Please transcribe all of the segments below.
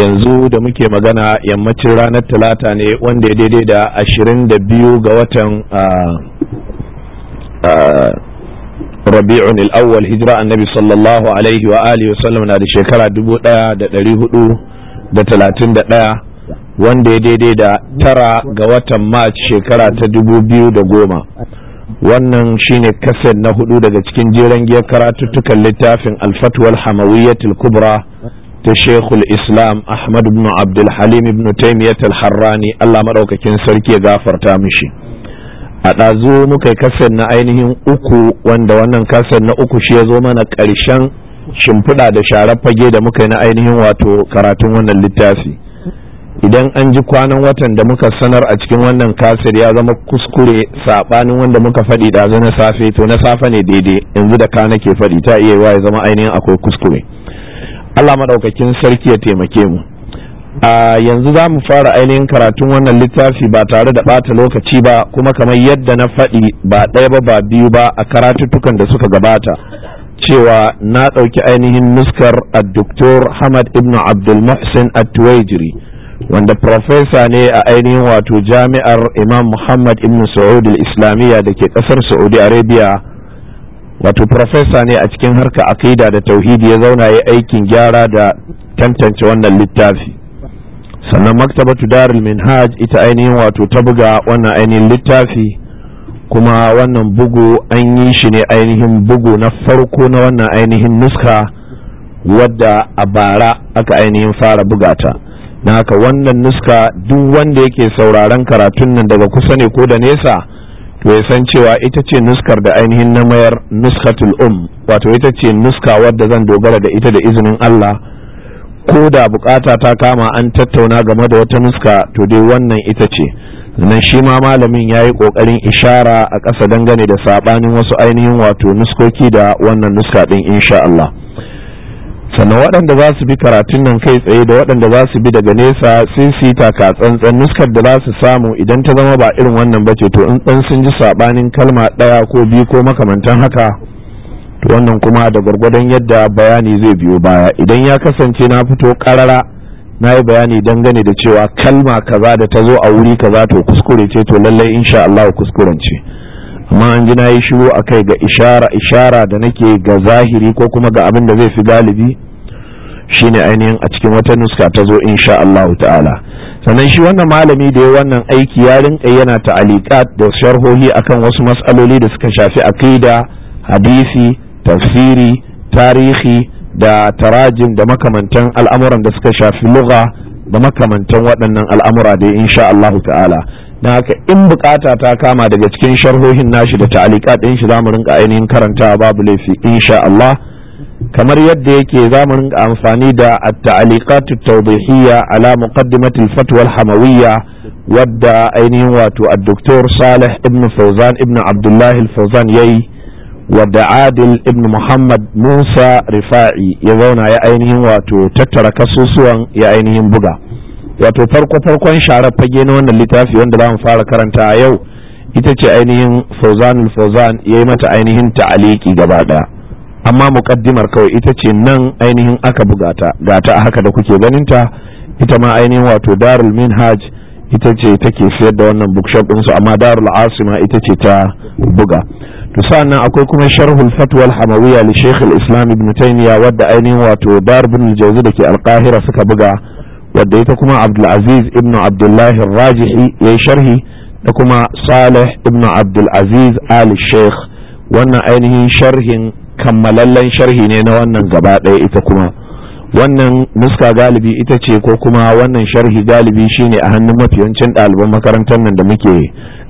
yanzu da muke magana yammacin ranar talata ne wanda ya daidai da ashirin da biyu ga watan rabi'un al'awwal hijira annabi sallallahu alaihi wa alihi wasallam na da shekara dubu daya da dari hudu da talatin da daya wanda ya daidai da tara ga watan march shekara ta dubu biyu da goma wannan shine kasar na hudu daga cikin jeren giyar karatuttukan littafin alfatwal hamawiyyatul kubra ta shekul islam ahmad ibn abdul halim ibn taimiyat al-harrani allah maɗaukakin sarki ya gafarta mishi a ɗazu muka kasar na ainihin uku wanda wannan kasar na uku shi ya zo mana karshen shimfiɗa da sharar fage da muka yi na ainihin wato karatun wannan littafi idan an ji kwanan watan da muka sanar a cikin wannan kasar ya zama kuskure saɓanin wanda muka faɗi ɗazu na safe to na safe ne daidai yanzu da ka nake faɗi ta iya ya zama ainihin akwai kuskure Allah maɗaukakin sarki ya taimake mu a yanzu za mu fara ainihin karatun wannan littafi ba tare da bata lokaci ba kuma kamar yadda na faɗi ba ɗaya ba ba biyu ba a karatuttukan da suka gabata cewa na ɗauki ainihin muskar a Dr hamad ibn abdul muhsin at wanda profesa ne a ainihin wato jami'ar imam muhammad ibn al islamiyya da ke ƙasar saudi arabia wato profesa ne a cikin harka akida da tauhidi ya zauna ya aikin gyara da tantance wannan littafi sannan maktabatu darul minhaj ita ainihin wato ta buga wannan ainihin littafi kuma wannan bugu an yi shi ne ainihin bugu na farko na wannan ainihin nuska wadda a bara aka ainihin fara bugata na haka wannan nuska duk wanda yake sauraron karatun nan daga kusa ne ko da nesa to san cewa ita ce nuskar da ainihin na mayar nuskatul um wato ita ce nuska wadda zan dogara da ita da izinin Allah ko da bukata ta kama an tattauna game da wata nuska to dai wannan ita ce nan shi ma malamin ya yi kokarin ishara a ƙasa dangane da sabanin wasu ainihin wato nuskoki da wannan nuska din insha Allah sannan waɗanda za su bi karatun nan kai tsaye da waɗanda za su bi daga nesa sun su yi taka tsantsan nuskar da za su samu idan ta zama ba irin wannan ba ce to in ɗan sun ji saɓanin kalma ɗaya ko biyu ko makamantan haka to wannan kuma da gwargwadon yadda bayani zai biyo baya idan ya kasance na fito ƙarara na yi bayani dangane da cewa kalma kaza da ta zo a wuri kaza to kuskure ce to lallai insha Allah kuskuren ce amma an ji na yi shiru a kai ga ishara ishara da nake ga zahiri ko kuma ga abin da zai fi galibi Shi ne ainihin a cikin wata nuska ta zo insha Allah ta'ala sannan shi wannan malami da ya wannan aiki ya rinka yana ta'aliqat da sharhohi akan wasu matsaloli da suka shafi aqida hadisi tafsiri tarihi da tarajim da makamantan al'amuran da suka shafi lugha da makamantan waɗannan al'amura da insha Allah ta'ala na haka in bukata ta kama daga cikin sharhohin nashi da ta'alika ɗin shi zamu rinka ainihin karanta babu laifi insha Allah kamar yadda yake za mu rinka amfani da at-ta'liqat ala muqaddimat al-fatwa al-hamawiyya wadda ainihin wato ad-doktor Salih ibn Fawzan ibn Abdullah al-Fawzan yayi wadda Adil ibn Muhammad Musa Rifa'i ya zauna ya ainihin wato tattara kasusuwan ya ainihin buga wato farko farkon sharar fage na wannan littafi wanda za mu fara karanta a yau ita ce ainihin Fawzan al-Fawzan yayi mata ainihin ta'aliki gaba daya amma muƙaddimar kawai ita ce nan ainihin aka bugata gata a haka da kuke ganinta ita ma ainihin wato darul minhaj ita ce take siyar da wannan bookshop su amma darul asima ita ce ta buga to sa'annan akwai kuma sharhul fatwa al-hamawiyya li shaykh al-islam ibn taymiya wadda ainihin wato dar bin jawzi dake al-qahira suka buga wadda ita kuma abdul aziz ibn abdullah ar-rajihi yayi sharhi da kuma salih ibn abdul aziz al-shaykh wannan ainihin sharhin kammalallen sharhi ne na wannan gaba ɗaya ita kuma wannan nuska galibi ita ce ko kuma wannan sharhi galibi shine a hannun mafiyancin ɗaliban makarantar nan da muke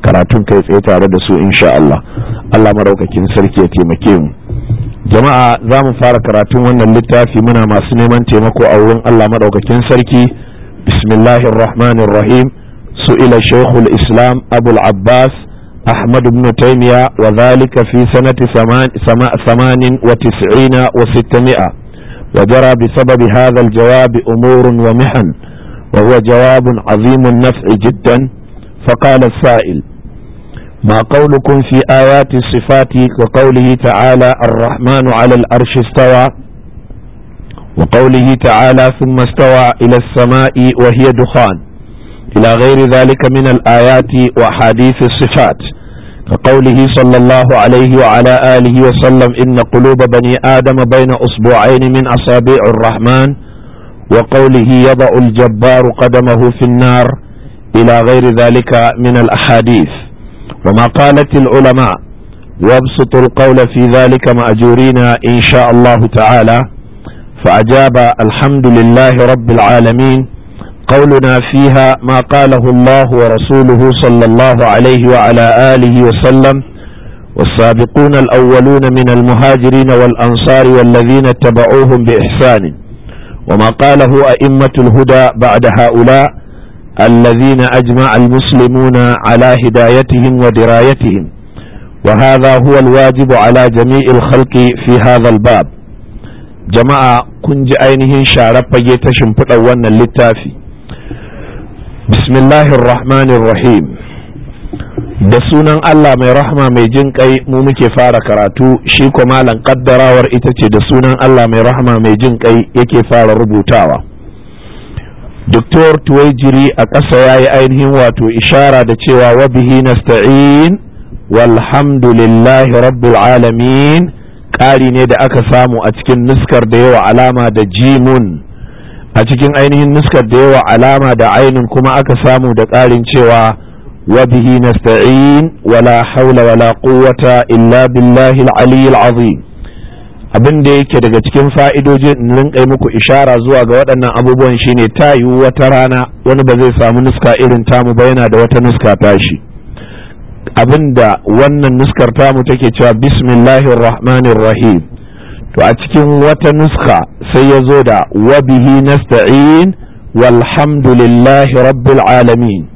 karatun kai tsaye tare da su insha Allah Allah maraukakin sarki ya taimake mu jama'a za mu fara karatun wannan littafi muna masu neman taimako a wurin Allah maraukakin sarki bismillahir rahmanir rahim su'ila shaykhul islam abul abbas أحمد بن تيمية وذلك في سنة ثمان, ثمان وتسعين وستمائة وجرى بسبب هذا الجواب أمور ومحن وهو جواب عظيم النفع جدا فقال السائل ما قولكم في آيات الصفات وقوله تعالى الرحمن على الأرش استوى وقوله تعالى ثم استوى إلى السماء وهي دخان إلى غير ذلك من الآيات وأحاديث الصفات كقوله صلى الله عليه وعلى آله وسلم إن قلوب بني آدم بين أصبعين من أصابع الرحمن وقوله يضع الجبار قدمه في النار إلى غير ذلك من الأحاديث وما قالت العلماء وابسط القول في ذلك مأجورين إن شاء الله تعالى فأجاب الحمد لله رب العالمين قولنا فيها ما قاله الله ورسوله صلى الله عليه وعلى آله وسلم والسابقون الأولون من المهاجرين والأنصار والذين اتبعوهم بإحسان وما قاله أئمة الهدى بعد هؤلاء الذين أجمع المسلمون على هدايتهم ودرايتهم وهذا هو الواجب على جميع الخلق في هذا الباب جماعة كنج أينهن شارب يتشمبت أولا للتافي bismillahir rahmanir rahim da sunan Allah mai rahma mai jin kai mu muke fara karatu shi ko malam kaddarawar ita ce da sunan Allah mai rahma mai jin kai yake fara rubutawa Dr. Tuwaijiri a ƙasa ya yi ainihin wato ishara da cewa wa bihi nasta'in walhamdulillahi rabbil alamin ƙari ne da aka samu a cikin niskar da yawa alama da jimun a cikin ainihin nuskar da yawa alama da ainin kuma aka samu da ƙarin cewa wa bihi nasta'in wala haula wala quwwata illa billahi al-aliyyil azim abin da yake daga cikin fa'idoji in rinƙai muku ishara zuwa ga waɗannan abubuwan shine ta yiwu wata rana wani ba zai samu nuska irin tamu ba yana da wata nuska tashi abin da wannan nuskar tamu take cewa bismillahir rahmanir rahim to a cikin wata nuska sai ya zo da wabihi nasta'in walhamdulillahi rabbil alamin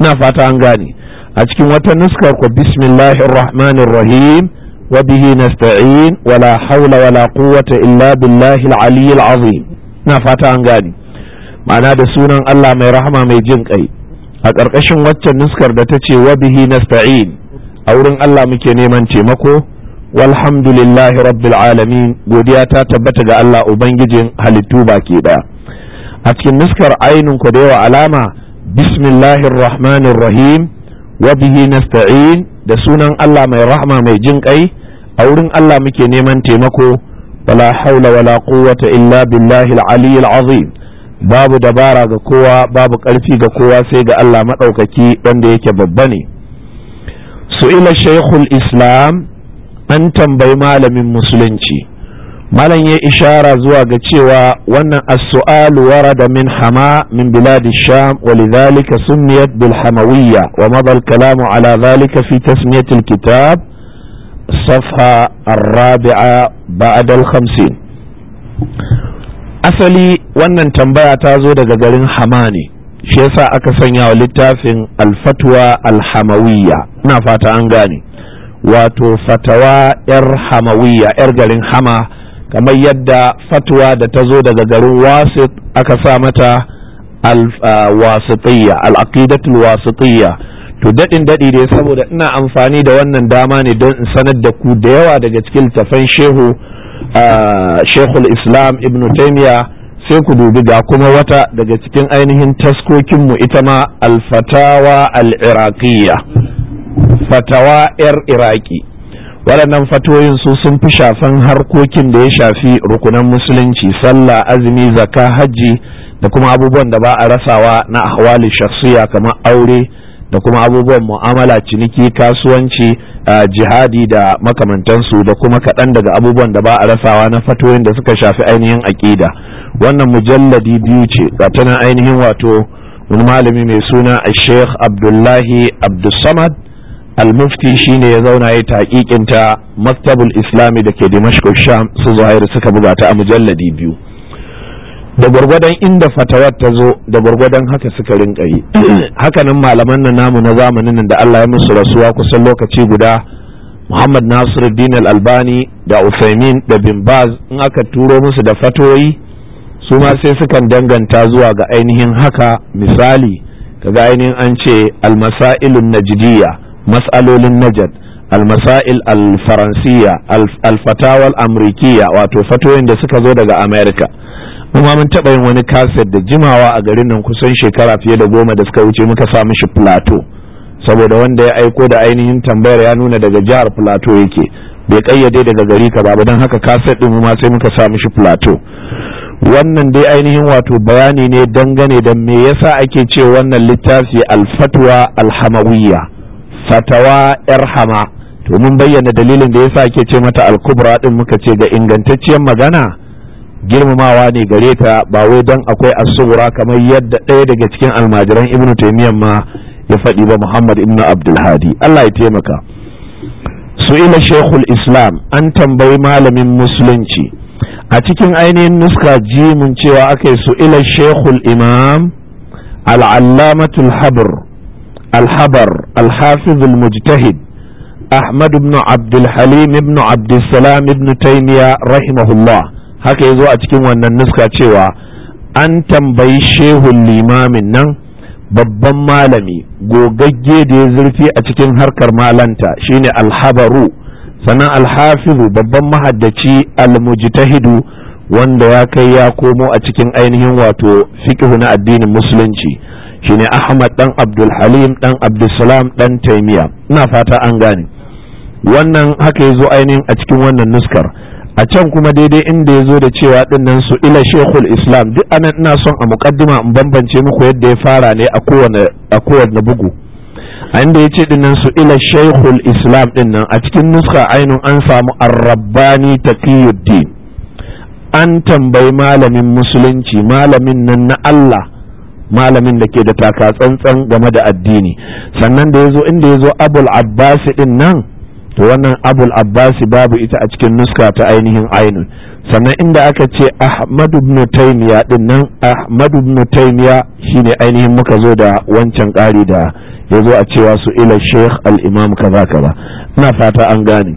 na fata an gani. a cikin wata nuskar ku bismillahir rahmanir rahim wabihi nasta'in wala haula wala quwwata illa billahi aliyyil azim na fata an gani. ma'ana da sunan Allah mai rahama mai jin kai a ƙarƙashin waccan nuskar da ta ce wabihi nasta'in a wurin Allah muke neman taimako walhamdulillahi rabbil alamin godiya ta tabbata ga Allah ubangijin halittu baki daya a cikin nuskar ainin ku da yawa alama bismillahir rahmanir rahim wa bihi nasta'in da sunan Allah mai rahma mai jin kai a wurin Allah muke neman taimako wala haula wala quwwata illa billahil aliyyil azim babu dabara ga kowa babu ƙarfi ga kowa sai ga Allah maɗaukaki wanda yake babba ne ila shaykhul islam an tambayi malamin musulunci malam ya ishara zuwa ga cewa wannan as-su'al warada min hama min bilad sham wa lidhalika sumiyat bil hamawiyya wa madha al-kalam ala dhalika fi tasmiyat al-kitab صفحة الرابعة بعد khamsin asali wannan tambaya ta zo daga garin hama ne shi yasa aka sanya wa littafin alfatwa alhamawiyya ina fata an gane wato fatawa 'yar hamawiya 'yar garin hama kamar yadda fatwa da ta zo daga garin wasit aka sa mata alwasitiyya al'aqidatul wasitiyya to daɗin daɗi dai saboda ina amfani da wannan dama ne don in sanar da ku da yawa daga cikin littafan shehu shehul islam ibn taimiya sai ku dubi ga kuma wata daga cikin ainihin taskokinmu ita ma alfatawa al'iraqiyya fatawa 'yar iraki waɗannan fatoyin su sun fi shafan harkokin da ya shafi rukunan musulunci sallah azumi zaka hajji da kuma abubuwan da ba a rasawa na ahwali shakhsiya kamar aure da kuma abubuwan mu'amala ciniki kasuwanci jihadi da makamantansu da kuma kaɗan daga abubuwan da ba a rasawa na fatoyin da suka shafi ainihin aƙida wannan mujalladi biyu ce ga ainihin wato wani malami mai suna a sheikh abdullahi abdulsamad al-mufti shine ya zauna ya taƙiƙin ta maktabul islami da ke dimashq sham su zuhairu suka buga ta a mujalladi biyu da gwargwadon inda fatawar ta zo da gwargwadon haka suka rinka yi hakanan malaman nan namu na zamanin da Allah ya musu rasuwa kusan lokaci guda Muhammad Nasiruddin Al-Albani da Uthaymin da Bin Baz in aka turo musu da fatoyi su ma sai sukan danganta zuwa ga ainihin haka misali kaga ainihin an ce al-masailun matsalolin najad almasa'il alfaransiya alfatawal amrikiya wato fatoyin da suka zo daga amerika kuma mun taɓa yin wani kaset da jimawa a garin nan kusan shekara fiye da goma da suka wuce muka sa mishi plateau saboda wanda ya aiko da ainihin tambayar ya nuna daga jihar plateau yake bai kayyade daga gari ka ba don haka kaset ɗin ma sai muka sa mishi plateau wannan dai ainihin wato bayani ne dangane da me yasa ake ce wannan littafi alfatwa alhamawiyya fatawa irhama to mun bayyana dalilin da yasa ake ce mata al-kubra din muka ce ga ingantacciyar magana girmamawa ne gare ta ba wai don akwai asubura kamar yadda ɗaya daga cikin almajiran ibnu taimiyan ma ya faɗi ba muhammad ibn abdulhadi allah ya taimaka su'ila shekul islam an tambayi malamin musulunci a cikin ainihin nuska jimin cewa aka yi su'ila shekul imam al'allamatul habr الحبر الحافظ المجتهد أحمد بن عبد الحليم بن عبد السلام بن تيمية رحمه الله haka a cikin wannan nuska cewa an tambayi shehun limamin nan babban malami gogagge da ya zurfi a cikin harkar malanta shine alhabaru sannan alhafizu babban mahaddaci almujtahidu wanda ya kai ya komo a cikin ainihin wato fiqhu na addinin musulunci shine ahmad dan abdul halim dan abdul salam dan taimiya ina fata an gane wannan haka yazo zo ainihin a cikin wannan nuskar a can kuma daidai inda ya zo da cewa dinnan su ila Sheikhul islam duk anan ina son a mukaddima in bambance muku yadda ya fara ne a kowane bugu a inda ya ce dinnan su ila Sheikhul islam dinnan a cikin nuska ainihin an samu Ar-Rabbani taqiyuddin an tambayi malamin musulunci malamin nan na Allah malamin da ke da taka tsantsan game da addini sannan da yazo inda yazo abul abbasi din nan to wannan abul abbasi babu ita a cikin nuska ta ainihin ainun sannan inda aka ce ahmadu ibn taymiya din nan ahmadu ibn taymiya shine ainihin muka zo da wancan ƙari da ya zo a cewa su ila sheikh al-imam kaza kaza ina fata an gane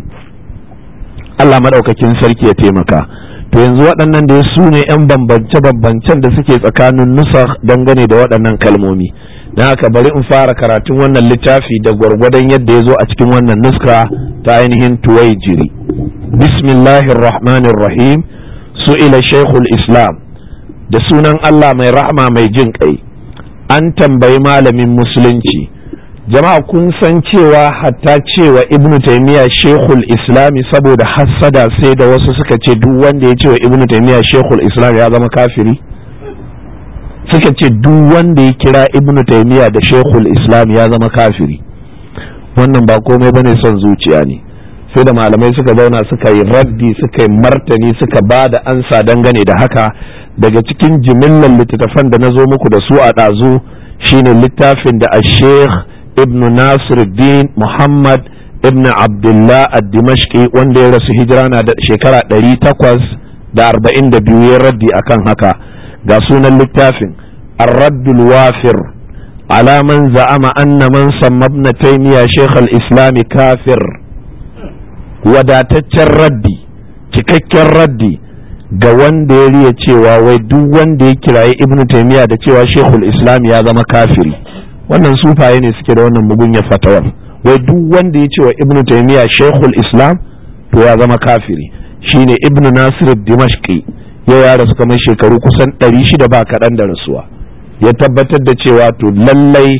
Allah madaukakin sarki ya taimaka to yanzu waɗannan da su sune 'yan bambance-bambancen da suke tsakanin nusa dangane da waɗannan kalmomi na haka bari in fara karatun wannan littafi da gwargwadon yadda ya zo a cikin wannan nuska ta ainihin tuwai jiri bismillahirrahmanirrahim ila shaikhul islam da sunan allah mai rahma mai jin kai an tambayi malamin musulunci jama'a kun san cewa hatta cewa ibn taymiya shekul islami saboda hassada sai da wasu suka ce duk wanda ya cewa taymiya shekul islami ya zama kafiri suka ce duk wanda ya kira ibn taymiya da shekul islami ya zama kafiri wannan ba komai bane son zuciya ne sai da malamai suka zauna suka yi raddi suka yi martani suka ba da ansa dangane da haka daga cikin jimillar littattafan da na zo muku da su a ɗazu shine littafin da a sheikh ibn nasir din muhammad ibn abdullah ad-dimashqi wanda ya rasu hijira na da shekara biyu ya raddi akan haka ga sunan littafin ar-raddul wafir ala za'ama anna man samma ibn taymiya shaykh al kafir wadataccen raddi cikakken raddi ga wanda ya riya cewa wai duk wanda ya kiraye ibnu taymiya da cewa shekul islam ya zama kafiri wannan sufaye ne suke da wannan mugunyar fatawar wai duk wanda ya ce wa ibnu taymiya shaykhul islam to ya zama kafiri shine ibnu nasir dimashqi yau ya suka kamar shekaru kusan 600 ba kaɗan da rasuwa ya tabbatar da cewa to lallai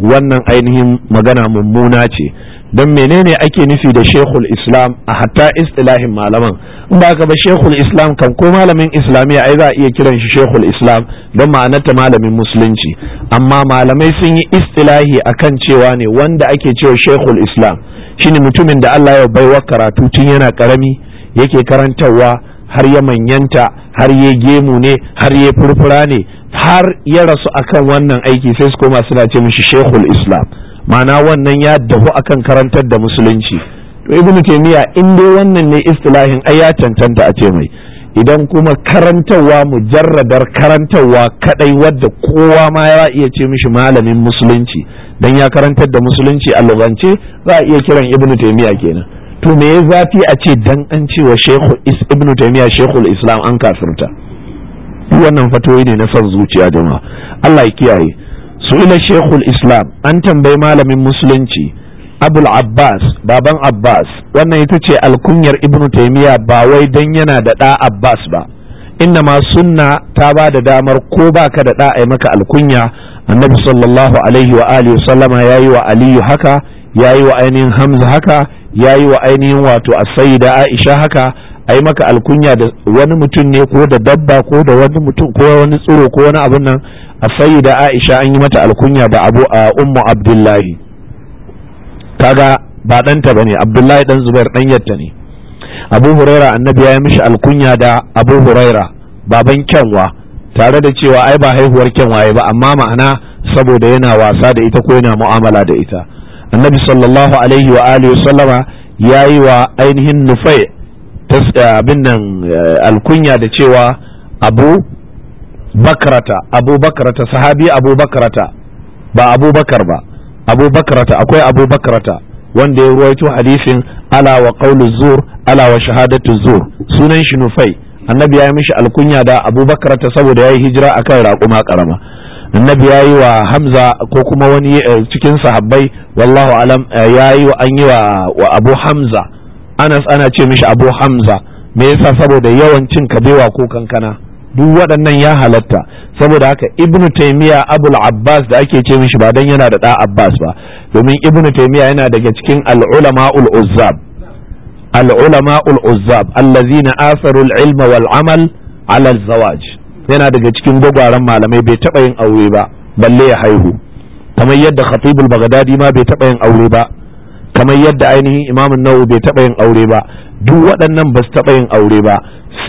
wannan ainihin magana mummuna ce don menene ake nufi da shekul islam a hatta istilahin malaman in ba ka ba shekul islam kan ko malamin islamiyya ai za a iya kiran shi shekul islam don ma'anarta malamin musulunci amma malamai sun yi istilahi akan cewa ne wanda ake cewa shekul islam shine mutumin da Allah ya baiwa karatu tun yana karami yake karantarwa har ya manyanta har ya gemu ne har ya furfura ne har ya rasu akan wannan aiki sai su koma suna ce mishi shekul islam ma'ana wannan ya dahu akan karantar da musulunci to ibn taymiya in dai wannan ne istilahin ai ya cancanta a ce mai idan kuma karantarwa mujarradar karantarwa kadai wadda kowa ma ya iya ce mishi malamin musulunci dan ya karantar da musulunci a lugance za a iya kiran ibn taymiya kenan to me ya zafi a ce dan an cewa shehu ibn taymiya shehul islam an kafirta wannan fatoyi ne na son zuciya jama'a Allah ya kiyaye su'ila shekul islam an tambayi malamin musulunci abul abbas baban abbas wannan ita ce alkunyar ibnu taimiyya ba wai dan yana da ɗa abbas ba inna ma sunna ta ba da damar ko ka da ɗa a maka alkunya annabi sallallahu alaihi wa alihi wa aliyu haka yi wa ainihin hamza haka yi wa ainihin wato as da aisha haka a maka alkunya da wani mutum ne ko da dabba ko da wani mutum ko wani tsiro ko wani abin nan a sayi da aisha an yi mata alkunya da abu a ummu abdullahi kaga ba ɗanta ba ne abdullahi ɗan zubair ɗan yatta ne abu huraira annabi ya yi mishi alkunya da abu huraira baban kyanwa tare da cewa ai ba haihuwar kyanwaye ba amma ma'ana saboda yana wasa da ita ko yana mu'amala da ita annabi sallallahu alaihi wa alihi sallama ya yi wa ainihin nufai Eh, abin nan eh, alkunya da cewa abu bakarata abu bakarata sahabi abu bakarata ba abu bakar ba abu bakarata akwai abu bakarata wanda ya ruwaito hadisin ala wa qawlu zur ala wa shahadatu zur sunan shi nufai annabi ya yi mishi alkunya da abu bakarata saboda ya yi hijira a kan raƙuma karama annabi ya yi wa hamza ko kuma wani eh, cikin sahabbai wallahu alam ya yi wa an yi wa abu hamza anas ana ce mishi abu hamza me yasa saboda yawan cin kabewa ko kankana duk waɗannan ya halatta saboda haka ibnu taimiya abul abbas da ake ce mishi ba dan yana da ɗa abbas ba domin ibnu taimiya yana daga cikin al'ulama ul'uzzab al'ulama uzzab allazina asarul ilma wal amal ala zawaj yana daga cikin gwagwaran malamai bai taɓa yin aure ba balle ya haihu kamar yadda khatibul bagdadi ma bai taɓa yin aure ba kamar yadda ainihin imamun nawu bai taɓa yin aure ba duk waɗannan ba su taɓa yin aure ba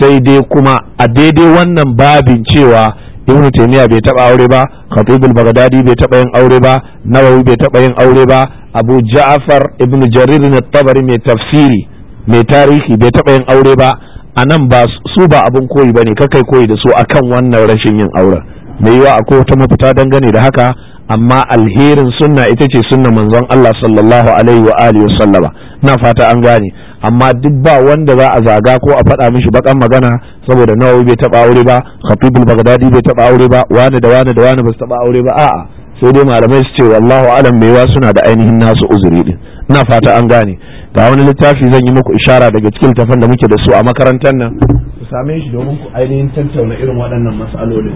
sai dai kuma a daidai wannan babin cewa ibnu taymiya bai taba aure ba khatibul baghdadi bai taɓa yin aure ba nawawi bai taɓa yin aure ba abu ja'far ibnu jarir na tabari mai tafsiri mai tarihi bai taɓa yin aure ba anan ba su ba abun koyi bane kakai koyi da su akan wannan rashin yin auren. mai yiwa akwai wata mafita dangane da haka amma alherin sunna ita ce sunna manzon Allah sallallahu alaihi wa alihi wasallama na fata an gane amma duk ba wanda za a zaga ko a faɗa mishi bakan magana saboda nawawi bai taba aure ba khatibul bagdadi bai taba aure ba wani da wani da wani ba su taba aure ba a'a sai dai malamai su ce wallahu alam baiwa suna da ainihin nasu uzuri din na fata an gane ga wani littafi zan yi muku ishara daga cikin tafan da muke da su a makarantar nan ku same shi domin ku ainihin tattauna irin waɗannan matsaloli.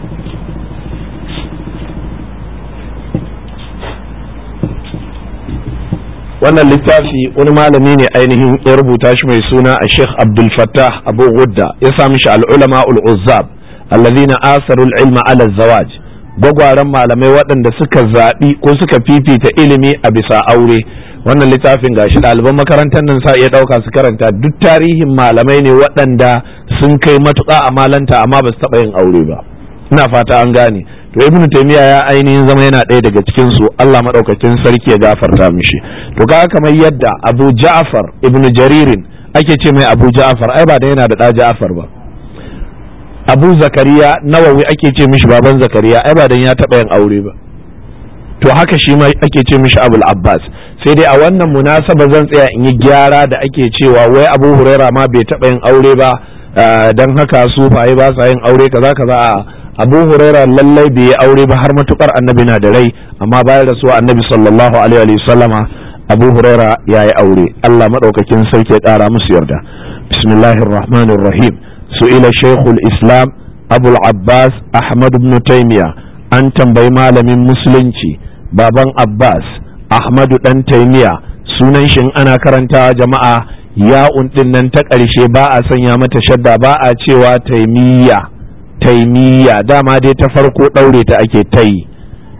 wannan littafi wani malami ne ainihin ya rubuta shi mai suna a sheikh abdul fattah abu gudda ya sami shi al'ulama ul'uzzab allazina asarul ilma ala zawaj gwagwaran malamai waɗanda suka zaɓi ko suka fifita ilimi a bisa aure wannan littafin ga shi ɗaliban makarantar nan sa iya ɗauka su karanta duk tarihin malamai ne waɗanda sun kai matuƙa a malanta amma ba su taɓa yin aure ba ina fata an gane to ibn taymiya ya ainihin zama yana ɗaya daga cikin su Allah madaukakin sarki ya gafarta mishi to ga kamar yadda Abu Ja'far ibn Jaririn ake ce mai Abu Ja'far ai ba da yana da ɗa Ja'far ba Abu Zakariya Nawawi ake ce mishi baban Zakariya ai ba dan ya taba yin aure ba to haka shi ma ake ce mishi Abul Abbas sai dai a wannan munasaba zan tsaya in yi gyara da ake cewa wai Abu Huraira ma bai taba yin aure ba eh, dan haka su sufaye ba sa yin aure kaza kaza a abu huraira lallai bai yi aure ba har matukar annabi na da rai amma bayan rasuwa annabi sallallahu alaihi wa sallama abu huraira ya yi aure allah maɗaukakin sarki ya ƙara musu yarda bismillahir rahmanir rahim su'ila shaykhul islam abul abbas ahmad ibn taymiya an tambayi malamin musulunci baban abbas ahmadu dan taymiya sunan shin ana karantawa jama'a ya'un din nan ta ƙarshe ba a sanya mata shadda ba a cewa taimiyya taimiyya dama dai ta farko ɗaure ta ake ta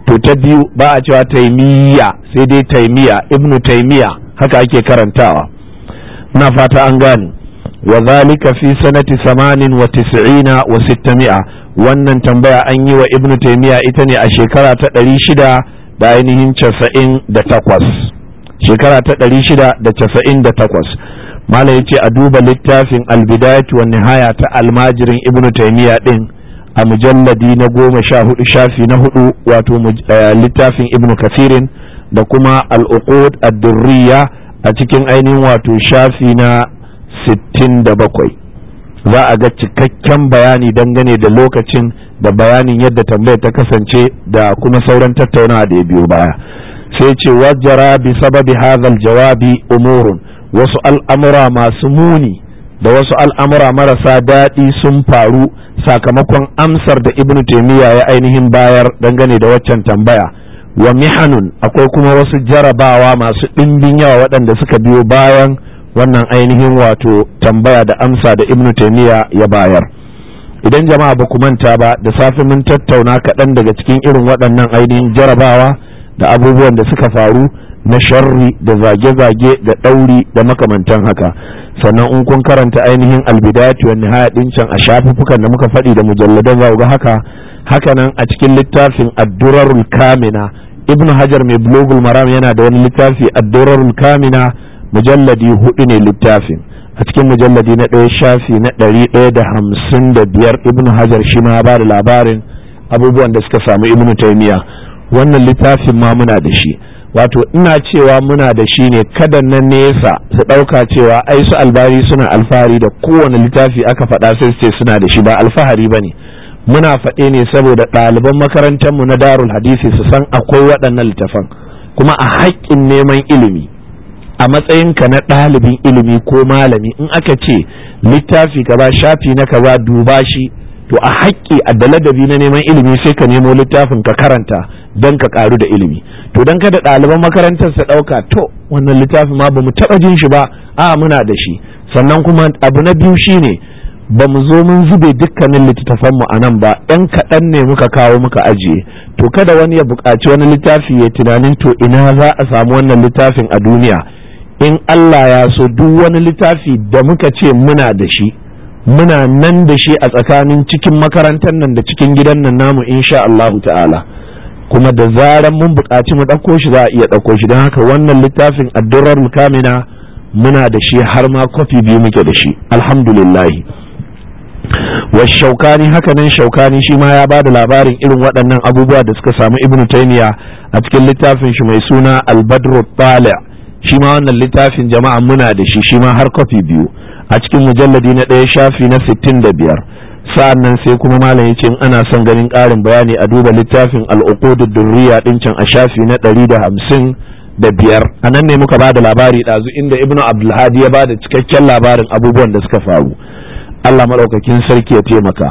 to ta biyu ba a cewa taimiyya sai dai taimiya ibnu taimiya haka ake karantawa na fata an gane wa zalika fi sanati samanin wa tis'ina wa sittami'a wannan tambaya an yi wa ibnu taimiyya ita ne a shekara ta ɗari shida da ainihin casa'in da takwas shekara ta ɗari shida da casa'in da takwas mala yace a duba littafin albidayat wa nihaya ta almajirin ibnu taymiya din a mujalladi na goma sha hudu shafi na hudu wato eh, littafin ibnu kafirin da kuma al'uqud ad-durriya a cikin ainihin wato shafi na sittin da bakwai za a ga cikakken bayani dangane da lokacin da bayanin yadda tambayar ta kasance da kuma sauran tattaunawa da ya biyo baya sai ce wajjara bi sababi hadhal jawabi umurun wasu al'amura masu muni da wasu al'amura marasa daɗi sun faru sakamakon amsar da ibnu taimiyya ya ainihin bayar dangane da waccan tambaya wa mihanun akwai kuma wasu jarabawa masu ɗimbin yawa waɗanda suka biyo bayan wannan ainihin wato tambaya da amsa da ibnu taimiyya ya bayar idan jama'a ba ku manta ba da safe mun tattauna kaɗan daga cikin irin waɗannan ainihin jarabawa da abubuwan da suka faru na sharri da zage-zage da ɗauri da makamantan haka sannan in kun karanta ainihin albidayatu wa nihaya din can a shafuffukan da muka faɗi da mujalladan za ga haka haka nan a cikin littafin addurarul kamina ibnu hajar mai blogul maram yana da wani littafi addurarul kamina mujalladi hudu ne littafin a cikin mujalladi na ɗaya shafi na ɗari ɗaya da hamsin da biyar ibnu hajar shi ma ba da labarin abubuwan da suka samu ibnu taimiya wannan littafin ma muna da shi wato ina cewa muna da shi ne kada nan nesa su ɗauka cewa ai su albari suna alfahari da kowane littafi aka faɗa sai su ce suna da shi ba alfahari ba ne muna faɗe ne saboda ɗaliban mu na darul hadisi su san akwai waɗannan littafan kuma a haƙƙin neman ilimi a matsayin ka na ɗalibin ilimi ko malami in aka ce littafi kaza shafi na kaza duba shi to a haƙƙi a daladabi na neman ilimi sai ka nemo littafin ka karanta don ka karu da ilimi to don kada ɗaliban makarantar su ɗauka to wannan littafi ma ba mu taɓa jin shi ba a muna da shi sannan kuma abu na biyu shine ba mu zo mun zube dukkanin mu a nan ba ɗan kaɗan ne muka kawo muka ajiye to kada wani ya buƙaci wani littafi ya tunanin to ina za a samu wannan littafin a duniya in Allah ya so duk wani littafi da muka ce muna da shi muna nan da shi a tsakanin cikin makarantar nan da cikin gidan nan namu insha Allahu ta'ala kuma da zaran mun buƙaci mu ɗauko shi za a iya ɗauko shi don haka wannan littafin addurar mukamina muna da shi har ma kwafi biyu muke da shi alhamdulillahi wa shaukani haka nan shaukani shi ma ya ba da labarin irin waɗannan abubuwa da suka samu ibnu taymiya a cikin littafin shi mai suna Al-Badru tali shi ma wannan littafin jama'a muna da shi shi ma har kwafi biyu a cikin mujalladi na ɗaya shafi na sittin da biyar sa'an nan sai kuma malam ya in ana son ganin ƙarin bayani a duba littafin al'uqudud durriya din a shafi na ɗari da hamsin da biyar a nan ne muka ba da labari ɗazu inda ibnu abdulhadi ya ba da cikakken labarin abubuwan da suka faru Allah maɗaukakin sarki ya taimaka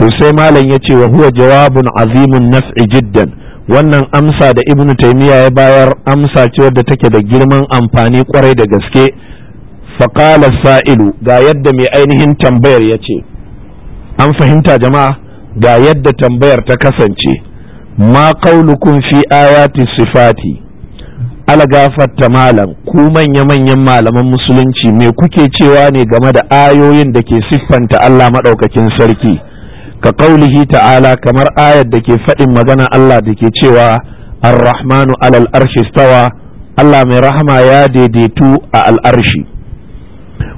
to sai malam ya ce wa huwa jawabun azimun naf'i jiddan wannan amsa da ibnu taymiya ya bayar amsa ce wadda take da girman amfani kwarai da gaske faqala sa'ilu ga yadda mai ainihin tambayar ya ce an fahimta jama'a ga yadda tambayar ta kasance ma qaulukum fi ayati sifati ta malam ku manya-manyan malaman musulunci me kuke cewa ne game da ayoyin da ke siffanta Allah maɗaukakin sarki ka ƙaulihi ta'ala kamar ayar da ke faɗin magana Allah da ke cewa ar-rahmanu alal arshi stawa Allah mai rahama ya daidaitu a al'arshi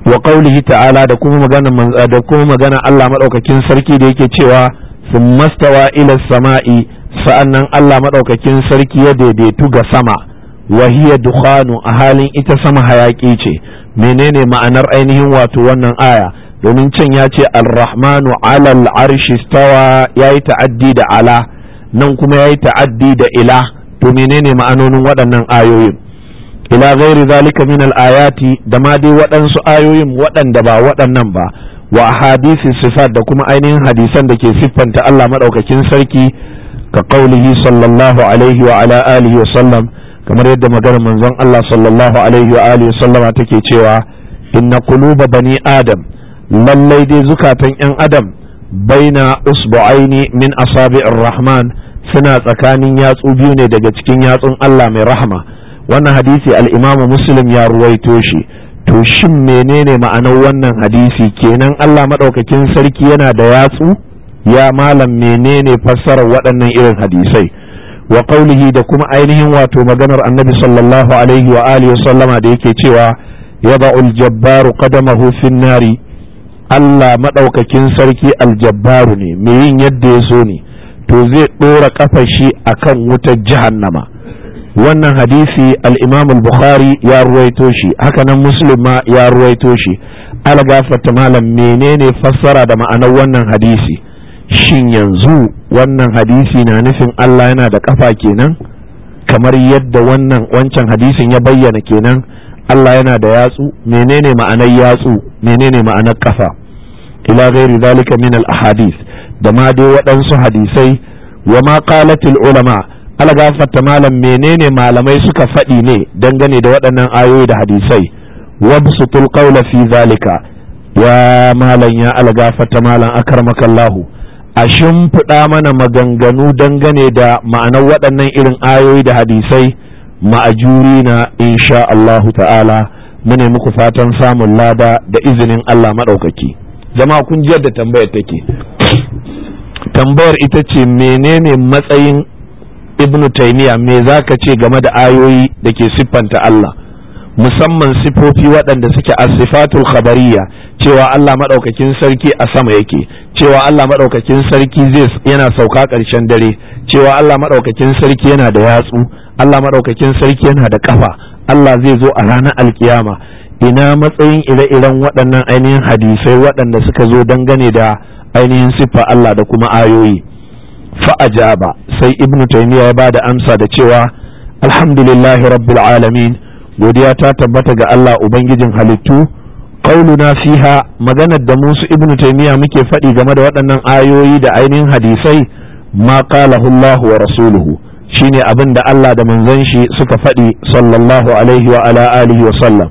wa qaulihi ta'ala da kuma magana da kuma magana Allah madaukakin sarki da yake cewa sumastawa ila sama'i sa'annan Allah madaukakin sarki ya daidaitu ga sama wa hiya dukhanu a halin ita sama hayaki ce menene ma'anar ainihin wato wannan aya domin can ya ce alrahmanu alal arshi stawa ya yi ta'addi da ala nan kuma ya yi ta'addi da ila to menene ma'anonin waɗannan ayoyin ila ghairi zalika min al-ayati da ma dai waɗansu ayoyin waɗanda ba waɗannan ba wa hadisi sifat da kuma ainihin hadisan da ke siffanta Allah madaukakin sarki ka qaulihi sallallahu alaihi wa ala alihi wa sallam kamar yadda maganar manzon Allah sallallahu alaihi wa alihi sallama take cewa inna quluba bani adam lallai dai zukatan yan adam baina usbu'aini min asabi'ir rahman suna tsakanin yatsu biyu ne daga cikin yatsun Allah mai rahma wannan hadisi al muslim ya ruwaito shi to shin menene ma'anar wannan hadisi kenan Allah maɗaukakin sarki yana da yatsu ya malam menene fassarar waɗannan irin hadisai wa qaulihi da kuma ainihin wato maganar annabi sallallahu alaihi wa alihi sallama da yake cewa yada'u al-jabbaru qadamahu fin nari Allah madaukakin sarki al-jabbaru ne me yin yadda ya so ne to zai dora kafa shi akan wutar jahannama wannan hadisi al al-bukhari ya ruwaito shi hakanan muslim ma ya ruwaito shi algafata malam menene fassara da ma'anar wannan hadisi shin yanzu wannan hadisi na nufin Allah yana da kafa kenan kamar yadda wannan wancan hadisin ya bayyana kenan Allah yana da yatsu menene ma'anar yatsu menene ma'anar kafa ila ghairi zalika min al ahadith da ma dai waɗansu hadisai wa ma qalatil ulama algafata malam menene malamai suka faɗi ne dangane da waɗannan ayoyi da hadisai wabsutul qawla fi zalika ya malam ya ala malam akarmakallahu a shimfiɗa mana maganganu dangane da ma'anar waɗannan irin ayoyi da hadisai ma'ajuri na insha Allahu ta'ala mune muku fatan samun lada da izinin Allah maɗaukaki Zama kun jiyar da tambayar take tambayar ita ce menene matsayin ibn taymiya me zaka ce game da ayoyi da ke siffanta Allah musamman sifofi waɗanda suke asifatul khabariya cewa Allah maɗaukakin sarki a sama yake cewa Allah maɗaukakin sarki zai yana sauka ƙarshen dare cewa Allah maɗaukakin sarki yana da yatsu Allah maɗaukakin sarki yana da kafa Allah zai zo a ranar alkiyama ina matsayin ire-iren waɗannan ainihin hadisai waɗanda suka zo dangane da ainihin siffa Allah da kuma ayoyi fa'ajaba sai ibnu taymiya ya bada amsa da cewa alhamdulillahi rabbil alamin godiya ta tabbata ga Allah ubangijin halittu qauluna fiha maganar da musu ibnu taymiya muke faɗi game da waɗannan ayoyi da ainihin hadisai ma qalahu Allah wa rasuluhu shine abin da Allah da manzon shi suka faɗi sallallahu alaihi wa ala alihi wa sallam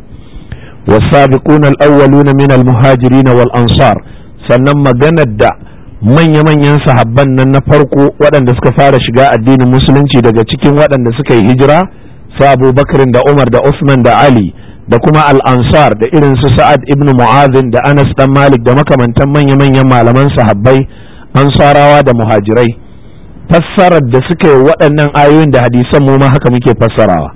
والسابقون الأولون من المهاجرين والأنصار sannan maganar da manya-manyan sahabban nan na farko waɗanda suka fara shiga addinin musulunci daga cikin waɗanda suka yi hijira Sabu Bakrin da umar da usman da ali da kuma al-ansar da irin su sa'ad ibn mu'azin da anas dan malik da makamantan manya-manyan malaman sahabbai ansarawa da muhajirai fassarar da suka yi waɗannan ayoyin da hadisan mu ma haka muke fassarawa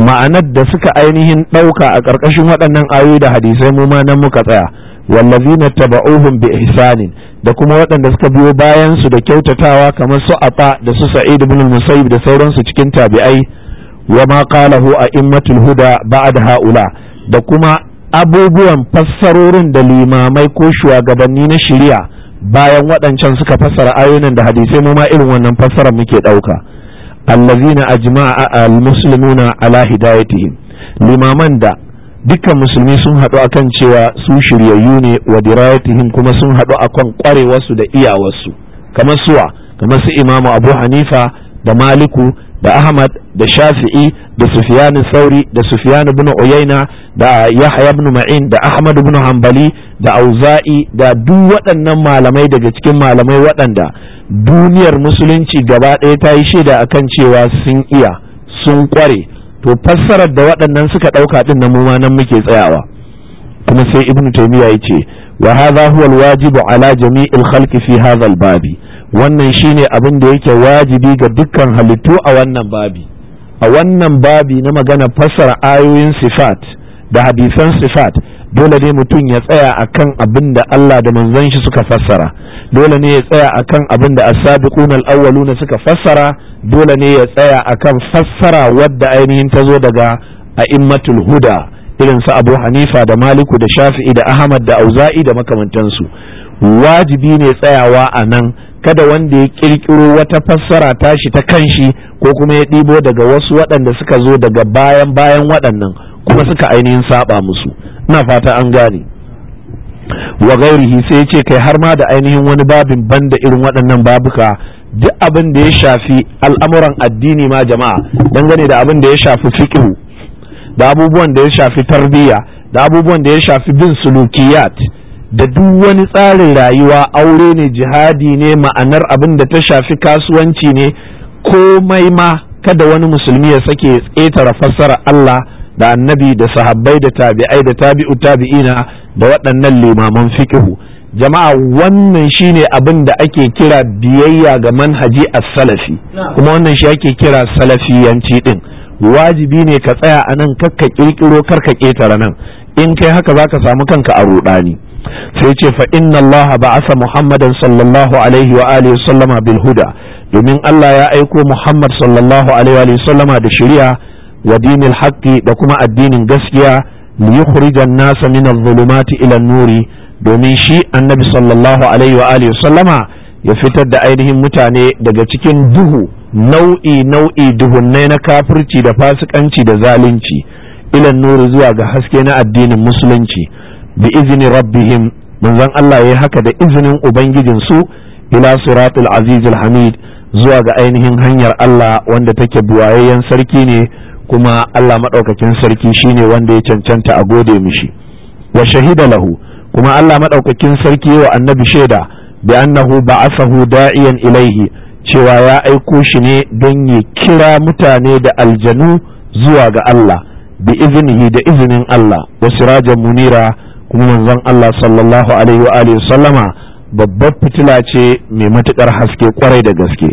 ma'anar da suka ainihin ɗauka a ƙarƙashin waɗannan ayoyi da hadisai mu ma nan muka tsaya wallazina taba'uhum bi ihsanin da kuma waɗanda suka biyo bayan su da kyautatawa kamar su afa da su sa'id ibn al-musayyib da sauransu cikin tabi'ai wa ma qalahu a'immatul huda ba'd haula da kuma abubuwan fassarorin da limamai ko shugabanni na shari'a bayan waɗancan suka fassara ayoyin da hadisai mu ma irin wannan fassarar muke ɗauka allazina ajma'a al-muslimuna ala hidayatihim limaman da dukkan musulmi sun haɗu akan cewa su shiryayyu ne wa dirayatihim kuma sun haɗu akan ƙwarewarsu da iyawarsu kamar suwa kamar su imamu abu hanifa da maliku da ahmad da shafi'i da sufyan sauri da sufyan ibn uyayna da yahya ibn ma'in da ahmad ibn Hambali da auza'i da duk waɗannan malamai daga cikin malamai waɗanda duniyar musulunci gaba ɗaya ta yi shaida akan cewa sun iya sun ƙware to fassarar da waɗannan suka ɗauka ɗin na mu ma nan muke tsayawa kuma sai ibn taymiya yace wa hadha huwa alwajib ala jami'il khalqi fi hadha albabi wannan shine abin da yake wajibi ga dukkan halittu a wannan babi a wannan babi na magana fassara ayoyin sifat da hadisan sifat dole ne mutum ya tsaya akan abin da Allah da manzon shi suka fassara dole ne ya tsaya akan abin da as-sabiquna al-awwaluna suka fassara dole ne ya tsaya akan fassara wadda ainihin ta zo daga a'immatul huda irin su abu hanifa da maliku da shafi'i da ahmad da auza'i da makamantansu wajibi ne tsayawa a nan kada wanda ya kirkiro wata fassara tashi ta kanshi ko kuma ya ɗibo daga wasu waɗanda suka zo daga bayan bayan waɗannan kuma suka ainihin saba musu ina fata an gane wa gairihi sai ce kai har ma da ainihin wani babin banda irin waɗannan babuka duk abin da ya shafi al'amuran addini ma jama'a dangane da abin da ya shafi fiqhu da abubuwan da ya shafi tarbiyya da abubuwan da ya shafi bin sulukiyat da duk wani tsarin rayuwa aure ne jihadi ne ma'anar abin da ta shafi kasuwanci ne komai ma kada wani musulmi ya sake tsetara fassara Allah da annabi da sahabbai da tabi'ai da tabi'u tabi'ina da waɗannan limaman fiqhu jama'a wannan shine abin da ake kira biyayya ga manhaji a salafi kuma wannan shi ake kira salafiyanci din wajibi ne ka tsaya a nan ƙirƙiro kirkiro karka ketare nan in kai haka zaka samu kanka a rudani sai ce fa inna allaha ba'asa muhammadan sallallahu alaihi wa alihi sallama bil huda domin Allah ya aiko Muhammad sallallahu alaihi wa sallama da shari'a wa dinil haqqi da kuma addinin gaskiya li yukhrijan nasa min adh-dhulumati ila an-nuri domin shi annabi sallallahu alaihi wa alihi sallama ya fitar da ainihin mutane daga cikin duhu nau'i nau'i duhunnai na kafirci da fasikanci da zalunci ilan nuru zuwa ga haske na addinin musulunci bi izini rabbihim manzon Allah yayi haka da izinin ubangijinsu ila siratul azizul hamid zuwa ga ainihin hanyar Allah wanda take buwayayyen sarki ne kuma Allah maɗaukakin sarki shine wanda ya cancanta a gode mishi wa shahida lahu kuma Allah maɗaukakin sarki wa annabi shaida bi annahu ba'athahu da'iyan ilaihi cewa ya aiko shi ne don ya kira mutane da aljanu zuwa ga Allah bi iznihi da izinin Allah wa sirajan munira kuma manzon Allah sallallahu alaihi wa alihi sallama babbar fitila ce mai matukar haske kwarai da gaske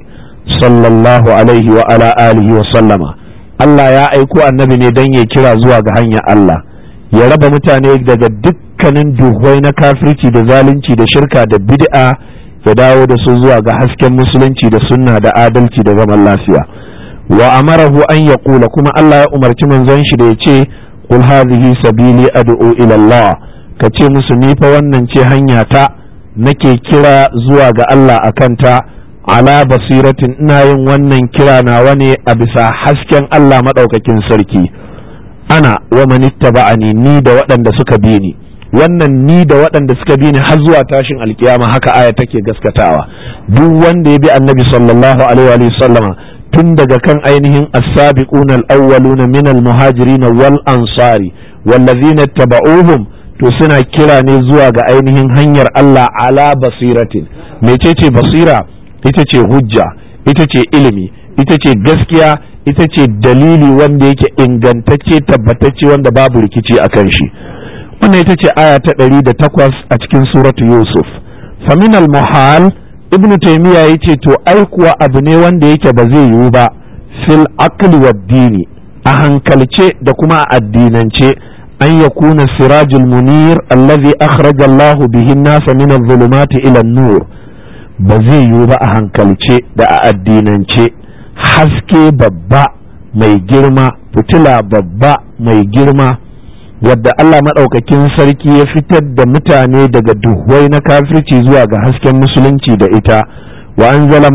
sallallahu alaihi wa ala alihi wa sallama Allah ya aiko annabi ne don ya kira zuwa ga hanyar Allah ya raba mutane daga duk dukkanin duhwai na kafirci da zalunci da shirka da bid'a ya dawo da su zuwa ga hasken musulunci da sunna da adalci da zaman lafiya wa amarahu an ya kula kuma Allah ya umarci manzon shi da ya ce kul hadhihi sabili ad'u ila Allah ka ce musu ni fa wannan ce hanya ta nake kira zuwa ga Allah akan ta ala basiratin ina yin wannan kira nawa ne a bisa hasken Allah madaukakin sarki ana wa man ittaba'ani ni da waɗanda suka bi ni wannan ni da waɗanda suka bi ni har zuwa tashin alkiyama haka aya take gaskatawa duk wanda ya bi annabi sallallahu alaihi wa sallama tun daga kan ainihin as-sabiquna al-awwaluna min al-muhajirin wal ansari wallazina tabauhum to suna kira ne zuwa ga ainihin hanyar Allah ala basiratin ce basira ita ce hujja ita ce ilimi ita ce gaskiya ita ce dalili wanda yake ingantacce tabbatacce wanda babu rikici a kan shi wannan ita ce aya ta ɗari da takwas a cikin suratu yusuf faminal muhal ibn taymiya yace to ai kuwa abu ne wanda yake ba zai yiwu ba fil aqli wad dini a hankalce da kuma a addinance an yakuna sirajul munir allazi akhraja Allahu bihi an-nasa min adh-dhulumati ila nur ba zai yiwu ba a hankalce da a addinance haske babba mai girma fitila babba mai girma wadda Allah maɗaukakin sarki ya fitar da mutane daga duhwai na kafirci zuwa ga hasken musulunci da ita wa an zala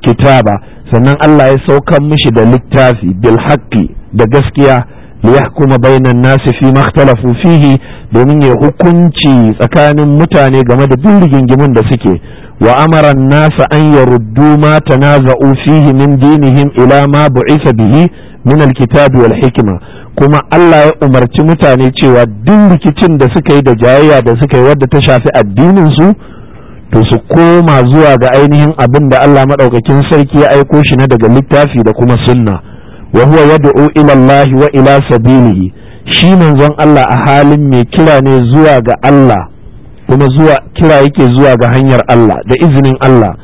kitaba sannan Allah ya sauka mishi da littafi bil haqqi da gaskiya li yahkuma bainan nasi fi makhtalafu fihi domin ya hukunci tsakanin mutane game da duk rigingimin da suke wa amara nasa an yaruddu ma tanaza'u fihi min dinihim ila ma bu'isa bihi min alkitabi wal hikma kuma Allah ya umarci mutane cewa duk rikicin da suka yi da jayayya da suka yi wadda ta shafi addinin su to su koma zuwa ga ainihin abin da Allah madaukakin sarki ya aiko shi na daga littafi da kuma sunna wa huwa yad'u ila Allah wa ila sabilihi shi manzon Allah a halin mai kira ne zuwa ga Allah kuma zuwa kira yake zuwa ga hanyar Allah da izinin Allah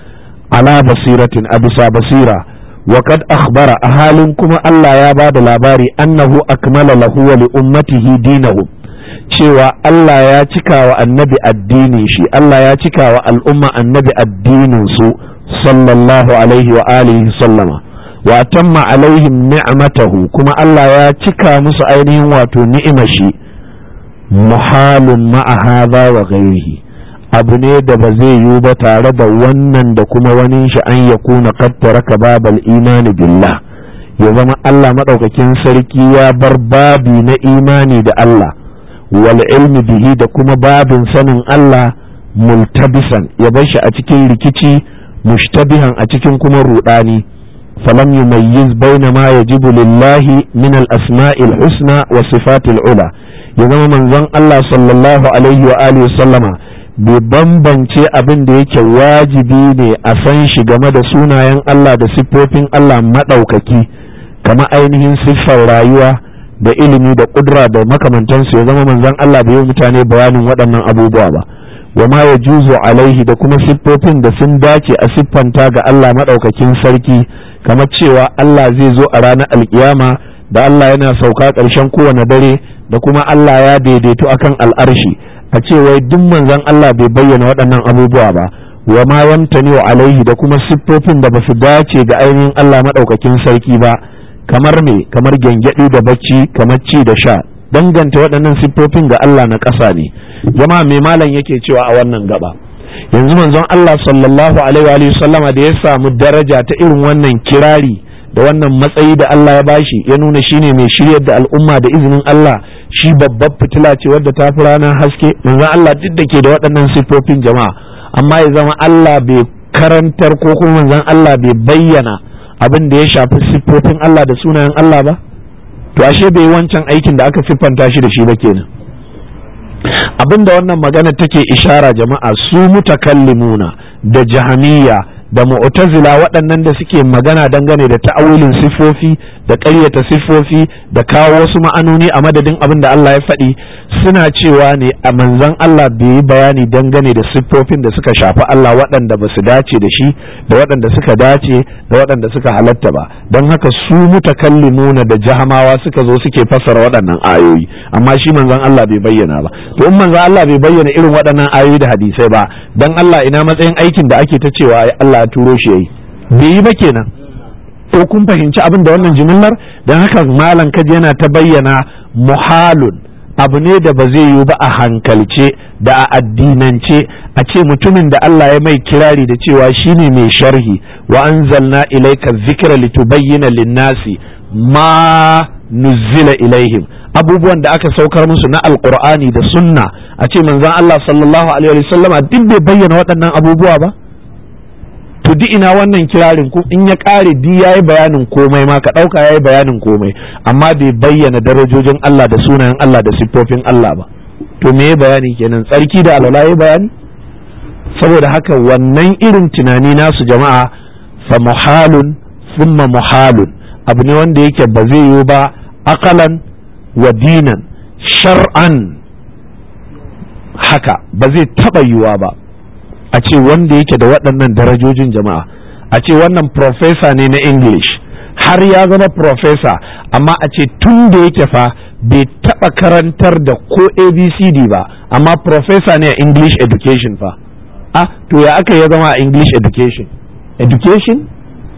ala basiratin a bisa basira وقد أخبر أهال كما الله يا بعد لاباري أنه أكمل له ولأمته دينهم cewa Allah ya cika wa annabi addinin shi Allah ya cika wa al'umma annabi addinin su sallallahu alaihi wa alihi sallama wa tamma alaihim ni'matahu kuma Allah ya cika musu ainihin wato ni'imar shi muhalun ma'a hadha wa abu ne da ba zai yiwu ba tare da wannan da kuma wani shi an ya kuna kattara ka babal imani billah ya zama Allah maɗaukakin sarki ya bar babi na imani da Allah wal ilmi bihi da kuma babin sanin Allah multabisan ya bar shi a cikin rikici mushtabihan a cikin kuma rudani falam yumayyiz bayna ma yajibu lillahi min al asma'il husna wa sifatil ula ya zama manzon Allah sallallahu alaihi wa alihi sallama bai bambance abin da yake wajibi ne a san shi game da sunayen Allah da siffofin Allah maɗaukaki kama ainihin siffar rayuwa da ilimi da ƙudura da makamantansu ya zama manzon Allah bai yi mutane bayanin waɗannan abubuwa ba wa ma ya juzo alaihi da kuma siffofin da sun dace a siffanta ga Allah maɗaukakin sarki kamar cewa Allah zai zo a ranar alkiyama da Allah yana sauka ƙarshen kowane dare da kuma Allah ya daidaito akan al'arshi a ce wai duk manzon Allah bai bayyana waɗannan abubuwa ba wa ma wa alaihi da kuma siffofin da ba su dace ga ainihin Allah madaukakin sarki ba kamar me kamar gyangyaɗi da bacci kamar ci da sha danganta waɗannan siffofin ga Allah na ƙasa ne jama'a me malam yake cewa a wannan gaba yanzu manzon Allah sallallahu alaihi wa sallama da ya samu daraja ta irin wannan kirari da wannan matsayi da Allah ya bashi ya nuna shine mai shiryar da al'umma da izinin Allah shi babbar fitila ce wadda ta fi ranar haske yanzu Allah duk da ke da waɗannan siffofin jama'a amma ya zama Allah bai karantar ko kuma manzon Allah bai bayyana abin da ya shafi siffofin Allah da sunayen Allah ba to ashe bai wancan aikin da aka siffanta shi da shi ba kenan abin da wannan magana take ishara jama'a su mutakallimuna da jahamiya da mu'tazila waɗannan da suke magana dangane da ta'awilin siffofi. da ƙaryata siffofi da kawo wasu ma'anoni a madadin abin da Allah ya faɗi suna cewa ne a manzan Allah bai yi bayani dangane da siffofin da suka shafi Allah waɗanda ba su dace da shi da waɗanda suka dace da waɗanda suka halatta ba don haka su mutakallimuna da jahamawa suka zo suke fassara waɗannan ayoyi amma shi manzan Allah bai bayyana ba to in manzan Allah bai bayyana irin waɗannan ayoyi da hadisai ba dan Allah ina matsayin aikin da ake ta cewa Allah ya turo shi yayi bai yi ba kenan ko kun fahimci abin da wannan jimillar don haka malam kaji yana ta bayyana muhalun abu ne da ba zai yiwu ba a hankalce da a addinance a ce mutumin da Allah ya mai kirari da cewa shine mai sharhi wa anzalna ilayka dhikra litubayyana lin-nasi ma nuzila ilaihim abubuwan da aka saukar musu na alqur'ani da sunna a ce manzon Allah sallallahu alaihi wasallama duk bai bayyana waɗannan abubuwa ba to di ina wannan kirarin ko in ya kare di yayi bayanin komai ma ka dauka yayi bayanin komai amma bai bayyana darajojin Allah da sunayen Allah da siffofin Allah ba to me bayani kenan tsarki da alwala yayi bayani saboda haka wannan irin tunani nasu jama'a fa muhalun thumma muhalun abu ne wanda yake ba zai yiwu ba akalan wa dinan shar'an haka ba zai taba yiwuwa ba a ce wanda yake da waɗannan darajojin jama'a a ce wannan profesa ne na english har ya zama profesa amma a ce tun da yake fa bai taɓa karantar da ko abcd ba amma profesa ne a english education fa ah to ya aka ya zama a english education education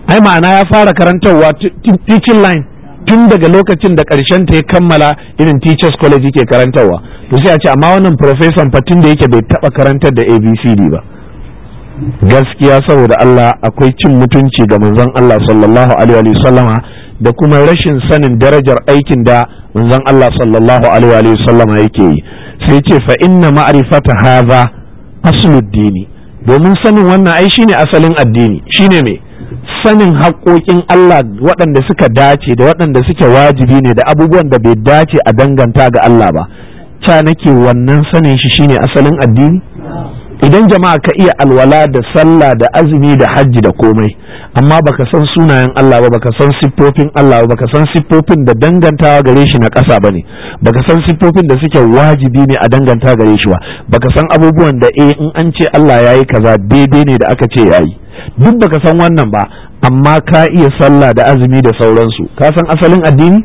ai ma'ana ya fara karantarwa teaching line tun daga lokacin da karshen ta ya kammala irin teachers college ke karantarwa to sai a ce amma wannan profesan fa tun da yake bai taɓa karantar da abcd ba gaskiya saboda Allah akwai cin mutunci ga manzon Allah sallallahu alaihi wa sallama da kuma rashin sanin darajar aikin da manzon Allah sallallahu alaihi wa sallama yake yi sai ce fa inna ma'rifata hadha asluddini domin sanin wannan ai shine asalin addini shine me sanin haƙoƙin Allah waɗanda suka dace da waɗanda suke wajibi ne da abubuwan da bai dace a danganta ga Allah ba ca nake wannan sanin shi shine asalin addini idan jama'a ka iya alwala da sallah da azumi da hajji da komai amma baka san sunayen Allah ba baka san siffofin Allah ba baka san siffofin da dangantawa gare shi na ƙasa bane baka san siffofin da suke wajibi ne a danganta gare shi ba baka san abubuwan da eh in an ce Allah yayi kaza daidai ne da aka ce yayi duk baka san wannan ba amma ka iya sallah da azumi da sauransu ka san asalin addini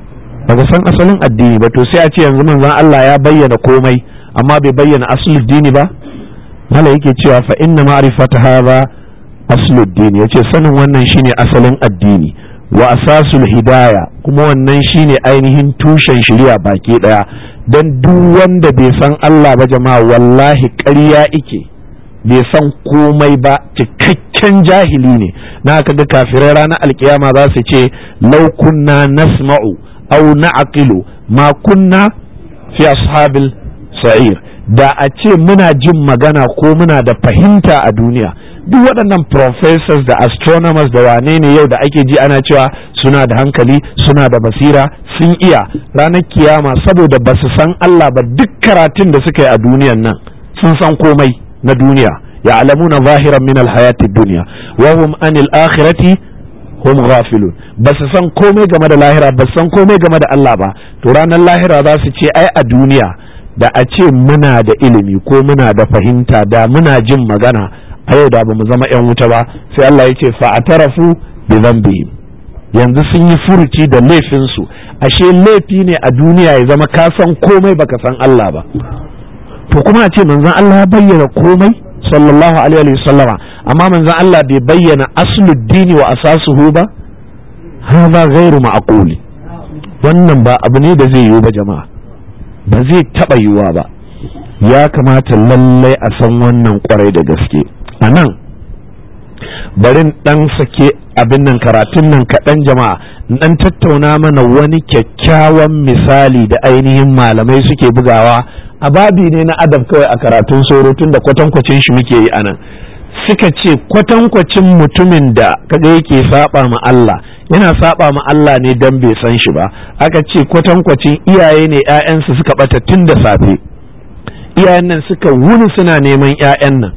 baka san asalin addini ba to sai a ce yanzu manzon Allah ya bayyana komai amma bai bayyana asalin addini ba mala yake cewa fa inna ma'rifata hadha din yace sanin wannan shine asalin addini wa asasul hidaya kuma wannan shine ainihin tushen shari'a baki daya dan duk wanda bai san Allah ba jama'a wallahi ƙarya ike bai san komai ba cikakken jahili ne na kaga kafirai ranar alkiyama za su ce law kunna nasma'u aw na'qilu ma kunna fi ashabil sa'ir da a ce muna jin magana ko muna da fahimta a duniya duk waɗannan professors da astronomers da wane ne yau da ake ji ana cewa suna da hankali suna da basira sun iya ranar kiyama saboda ba su san Allah ba duk karatun da suka yi a duniyan nan sun san komai na duniya ya na zahiran min alhayati duniya wa hum anil akhirati hum ghafilun ba su san komai game da lahira ba su san komai game da Allah ba to ranar lahira za su ce ai a duniya da a ce muna da ilimi ko muna da fahimta da muna jin magana a yau da ba mu zama 'yan wuta ba sai Allah ya ce fa'atarafu bi dhanbihim yanzu sun yi furuci da laifinsu ashe laifi ne a duniya ya zama ka san komai baka san Allah ba to kuma a ce manzon Allah ya bayyana komai sallallahu alaihi wa sallama amma manzon Allah bai bayyana asluddini wa asasuhu ba hadha ghairu ma'quli wannan ba abu ne da zai yiwu ba jama'a ba zai taɓa yiwuwa ba ya kamata lallai a san wannan kwarai da gaske a nan barin ɗan sake abin nan karatun nan kaɗan jama'a dan tattauna mana wani kyakkyawan misali da ainihin malamai suke bugawa a babi ne na adab kawai a karatun soro tun da kwatankwacin shi muke yi a nan suka ce kwatankwacin mutumin da kaga yake saba ma Allah yana saba ma Allah ne dan bai san shi ba aka ce kwatankwacin iyaye ne ƴaƴansu suka bata tun da safe iyayen nan suka wuni suna neman ƴaƴan nan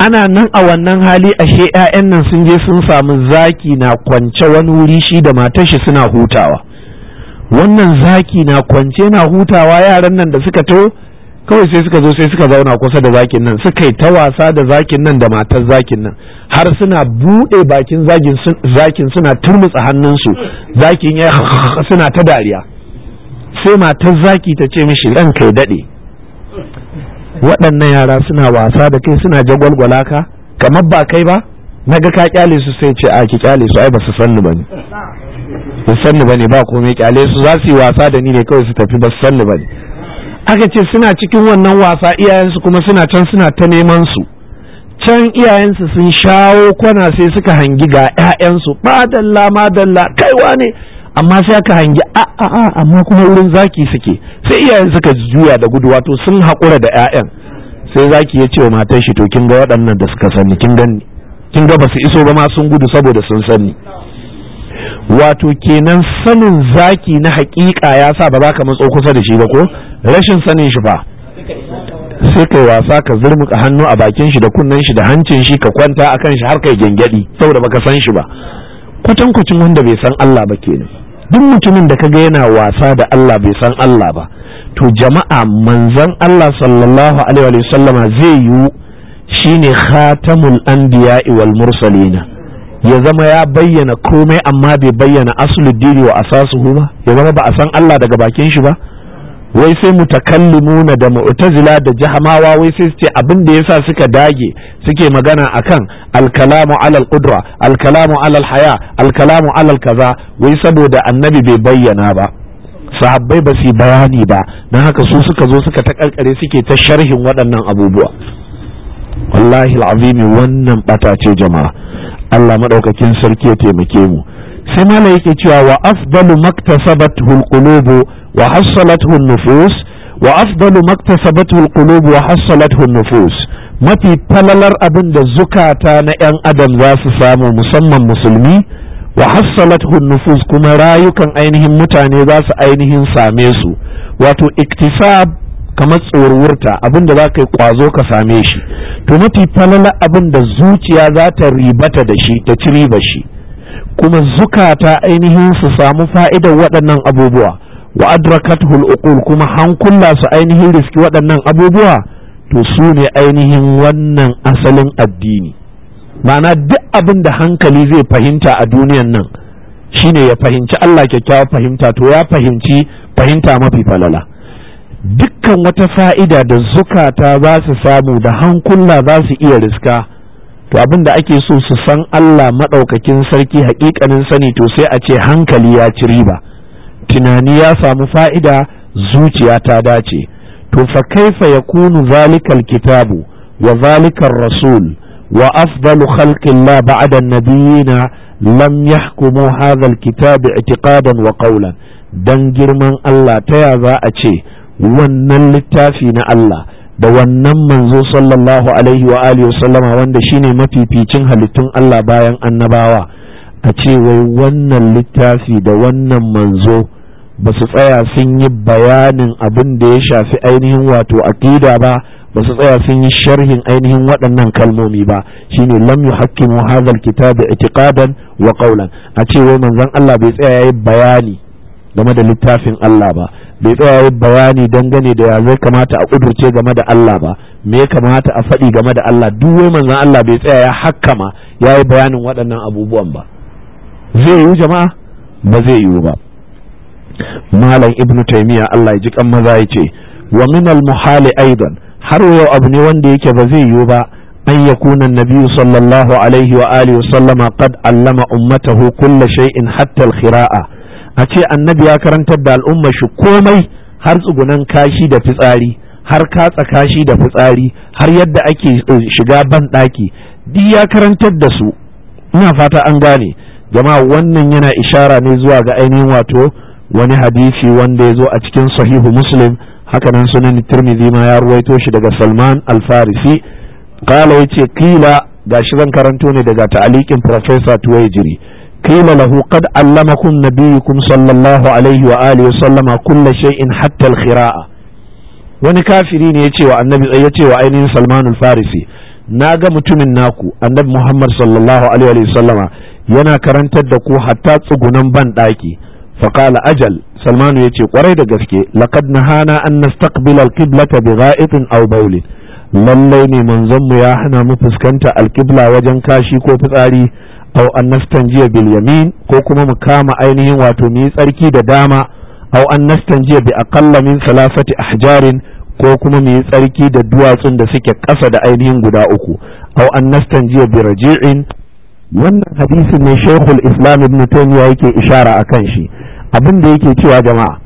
ana nan a wannan hali ashe ƴaƴan nan sun je sun samu zaki na kwance wani wuri shi da matar shi suna hutawa wannan zaki na kwance na hutawa yaran nan da suka to kawai sai suka zo sai suka zauna kusa da zakin nan suka yi ta wasa da zakin nan da matar zakin nan har suna buɗe bakin zakin suna turmutsa hannunsu zakin ya suna ta dariya sai matar zaki ta ce mishi ɗan kai daɗe waɗannan yara suna wasa da kai suna jagwalgwala ka kamar ba kai ba na ga ka kyale su sai ce a ki kyale su ai ba su sanni ba ne ba sanni ba ne ba komai kyale su za su yi wasa da ni ne kawai su tafi ba su sanni ba ne aka ce suna cikin wannan wasa iyayensu kuma suna can suna ta neman su can iyayensu sun shawo kwana sai suka hangi ga 'ya'yansu ba dalla ma dalla kaiwa ne amma sai aka hangi a a a amma kuma wurin zaki suke sai iyayen suka juya da gudu wato sun haƙura da 'ya'yan sai zaki ya ce wa matar shi to kin ga waɗannan da suka sani kin gani kin ga basu iso ba ma sun gudu saboda sun sani wato kenan sanin zaki na haƙiƙa ya sa ba za ka matso kusa da shi ba ko rashin sanin shi ba sai kai wasa ka zurmuka hannu a bakin shi da kunnen shi da hancin shi ka kwanta a kan shi har kai gengedi saboda baka san shi ba kucin wanda bai san Allah ba kenan duk mutumin da kaga yana wasa da Allah bai san Allah ba to jama'a manzon Allah sallallahu alaihi wa sallama zai yi shine khatamul anbiya'i wal mursalina ya zama ya bayyana komai amma bai bayyana asuluddini wa asasuhu ba ya zama ba a san Allah daga bakin shi ba wai sai mutakallimuna da mu'tazila da jahamawa wai sai su ce abin da yasa suka dage suke magana akan alkalamu alal qudra alkalamu alal haya alkalamu alal kaza wai saboda annabi bai bayyana ba sahabbai ba su bayani ba na haka su suka zo suka ta karkare suke ta sharhin waɗannan abubuwa wallahi al'azimi wannan bata ce jama'a Allah maɗaukakin sarki ya taimake mu sai mala yake cewa wa afdalu maktasabathu alqulubu wa hassalathu nufus wa afdalu maktasabathu alqulubu wa hassalathu nufus mafi falalar abin da zukata na yan adam za su samu musamman musulmi wa hassalathu nufus kuma rayukan ainihin mutane za su ainihin same su wato iktisab kamar tsoruwarta abin da za ka yi kwazo ka same shi to mafi falala abin da zuciya za ta ribata da shi ta ci riba shi kuma zukata ainihin su samu fa'idar waɗannan abubuwa wa adrakat hul’ukul kuma hankula su ainihin riski waɗannan abubuwa to su ne ainihin wannan asalin addini ma'ana duk abin da hankali zai fahimta a duniyan nan shine ya fahimci Allah kyakkyawa fahimta to ya fahimci fahimta mafi falala dukkan wata fa'ida da zukata za su samu da hankula za su iya riska to abin da ake so su san Allah maɗaukakin sarki haƙiƙanin sani to sai a ce hankali ya ci riba tunani ya samu fa'ida zuciya ta dace to fa kaifa kunu zalikal kitabu wa zalikar rasul wa afdalu khalqillah ba'da nabiyina lam yahkumu hadha al-kitab i'tiqadan wa qawlan dan girman Allah ta ya za a ce wannan littafi na Allah da wannan manzo sallallahu alaihi wa alihi wasallama wanda shine mafificin halittun Allah bayan annabawa a ce wai wannan littafi da wannan manzo ba su tsaya sun yi bayanin abin da ya shafi ainihin wato aqida ba ba su tsaya sun yi sharhin ainihin waɗannan kalmomi ba shine lam yuhakkimu hadha alkitab i'tiqadan wa qawlan a ce wai manzon Allah bai tsaya yayi bayani game da littafin Allah ba bai tsaya bayani dangane da ya zai kamata a kudurce game da Allah ba me ya kamata a faɗi game da Allah duk wai manzon Allah bai tsaya ya hakkama ya yi bayanin waɗannan abubuwan ba zai yiwu jama'a ba zai yiwu ba malam ibn taymiya Allah ya ji kan maza ya ce wa min al muhali aidan har yau abu ne wanda yake ba zai yiwu ba an yakuna nabi sallallahu alaihi wa alihi wa sallama qad allama ummatahu kulla shay'in hatta al khira'a a ce annabi ya karantar da al'umma shi komai har tsugunan kashi da fitsari har katsa kashi da fitsari har yadda ake eh, shiga ban ɗaki duk ya karantar da su ina fata an gane jama'a wannan yana ishara ne zuwa ga ainihin wato wani hadisi wanda ya zo a cikin sahihu muslim hakanan sunan tirmidhi ma ya ruwaito shi daga salman alfarisi kala ya ce kila gashi zan karanto ne daga ta'alikin professor jiri. قيل له قد علمكم نبيكم صلى الله عليه وآله وسلم كل شيء حتى القراءة wani kafiri ne ya ce wa annabi ya ce wa ainihin salman farisi na ga mutumin naku annabi muhammad sallallahu alaihi wasallama yana karantar da ku hatta tsugunan ban daki faqala ajal salmanu ya ce kwarai da gaske laqad nahana an nastaqbila al bi gha'itin aw bawlin lallai ne manzon mu ya hana mu fuskanta alkibla wajen kashi ko fitsari aw an nastanjiya bil yamin ko kuma mu kama ainihin wato mu yi tsarki da dama au an nastanjiya bi aqalla min salasati ahjarin ko kuma mu yi tsarki da duwatsun da suke ƙasa da ainihin guda uku au an nastanjiya bi raji'in wannan hadisin ne shaykhul islam ibn taymiya yake ishara akan shi abin da yake cewa jama'a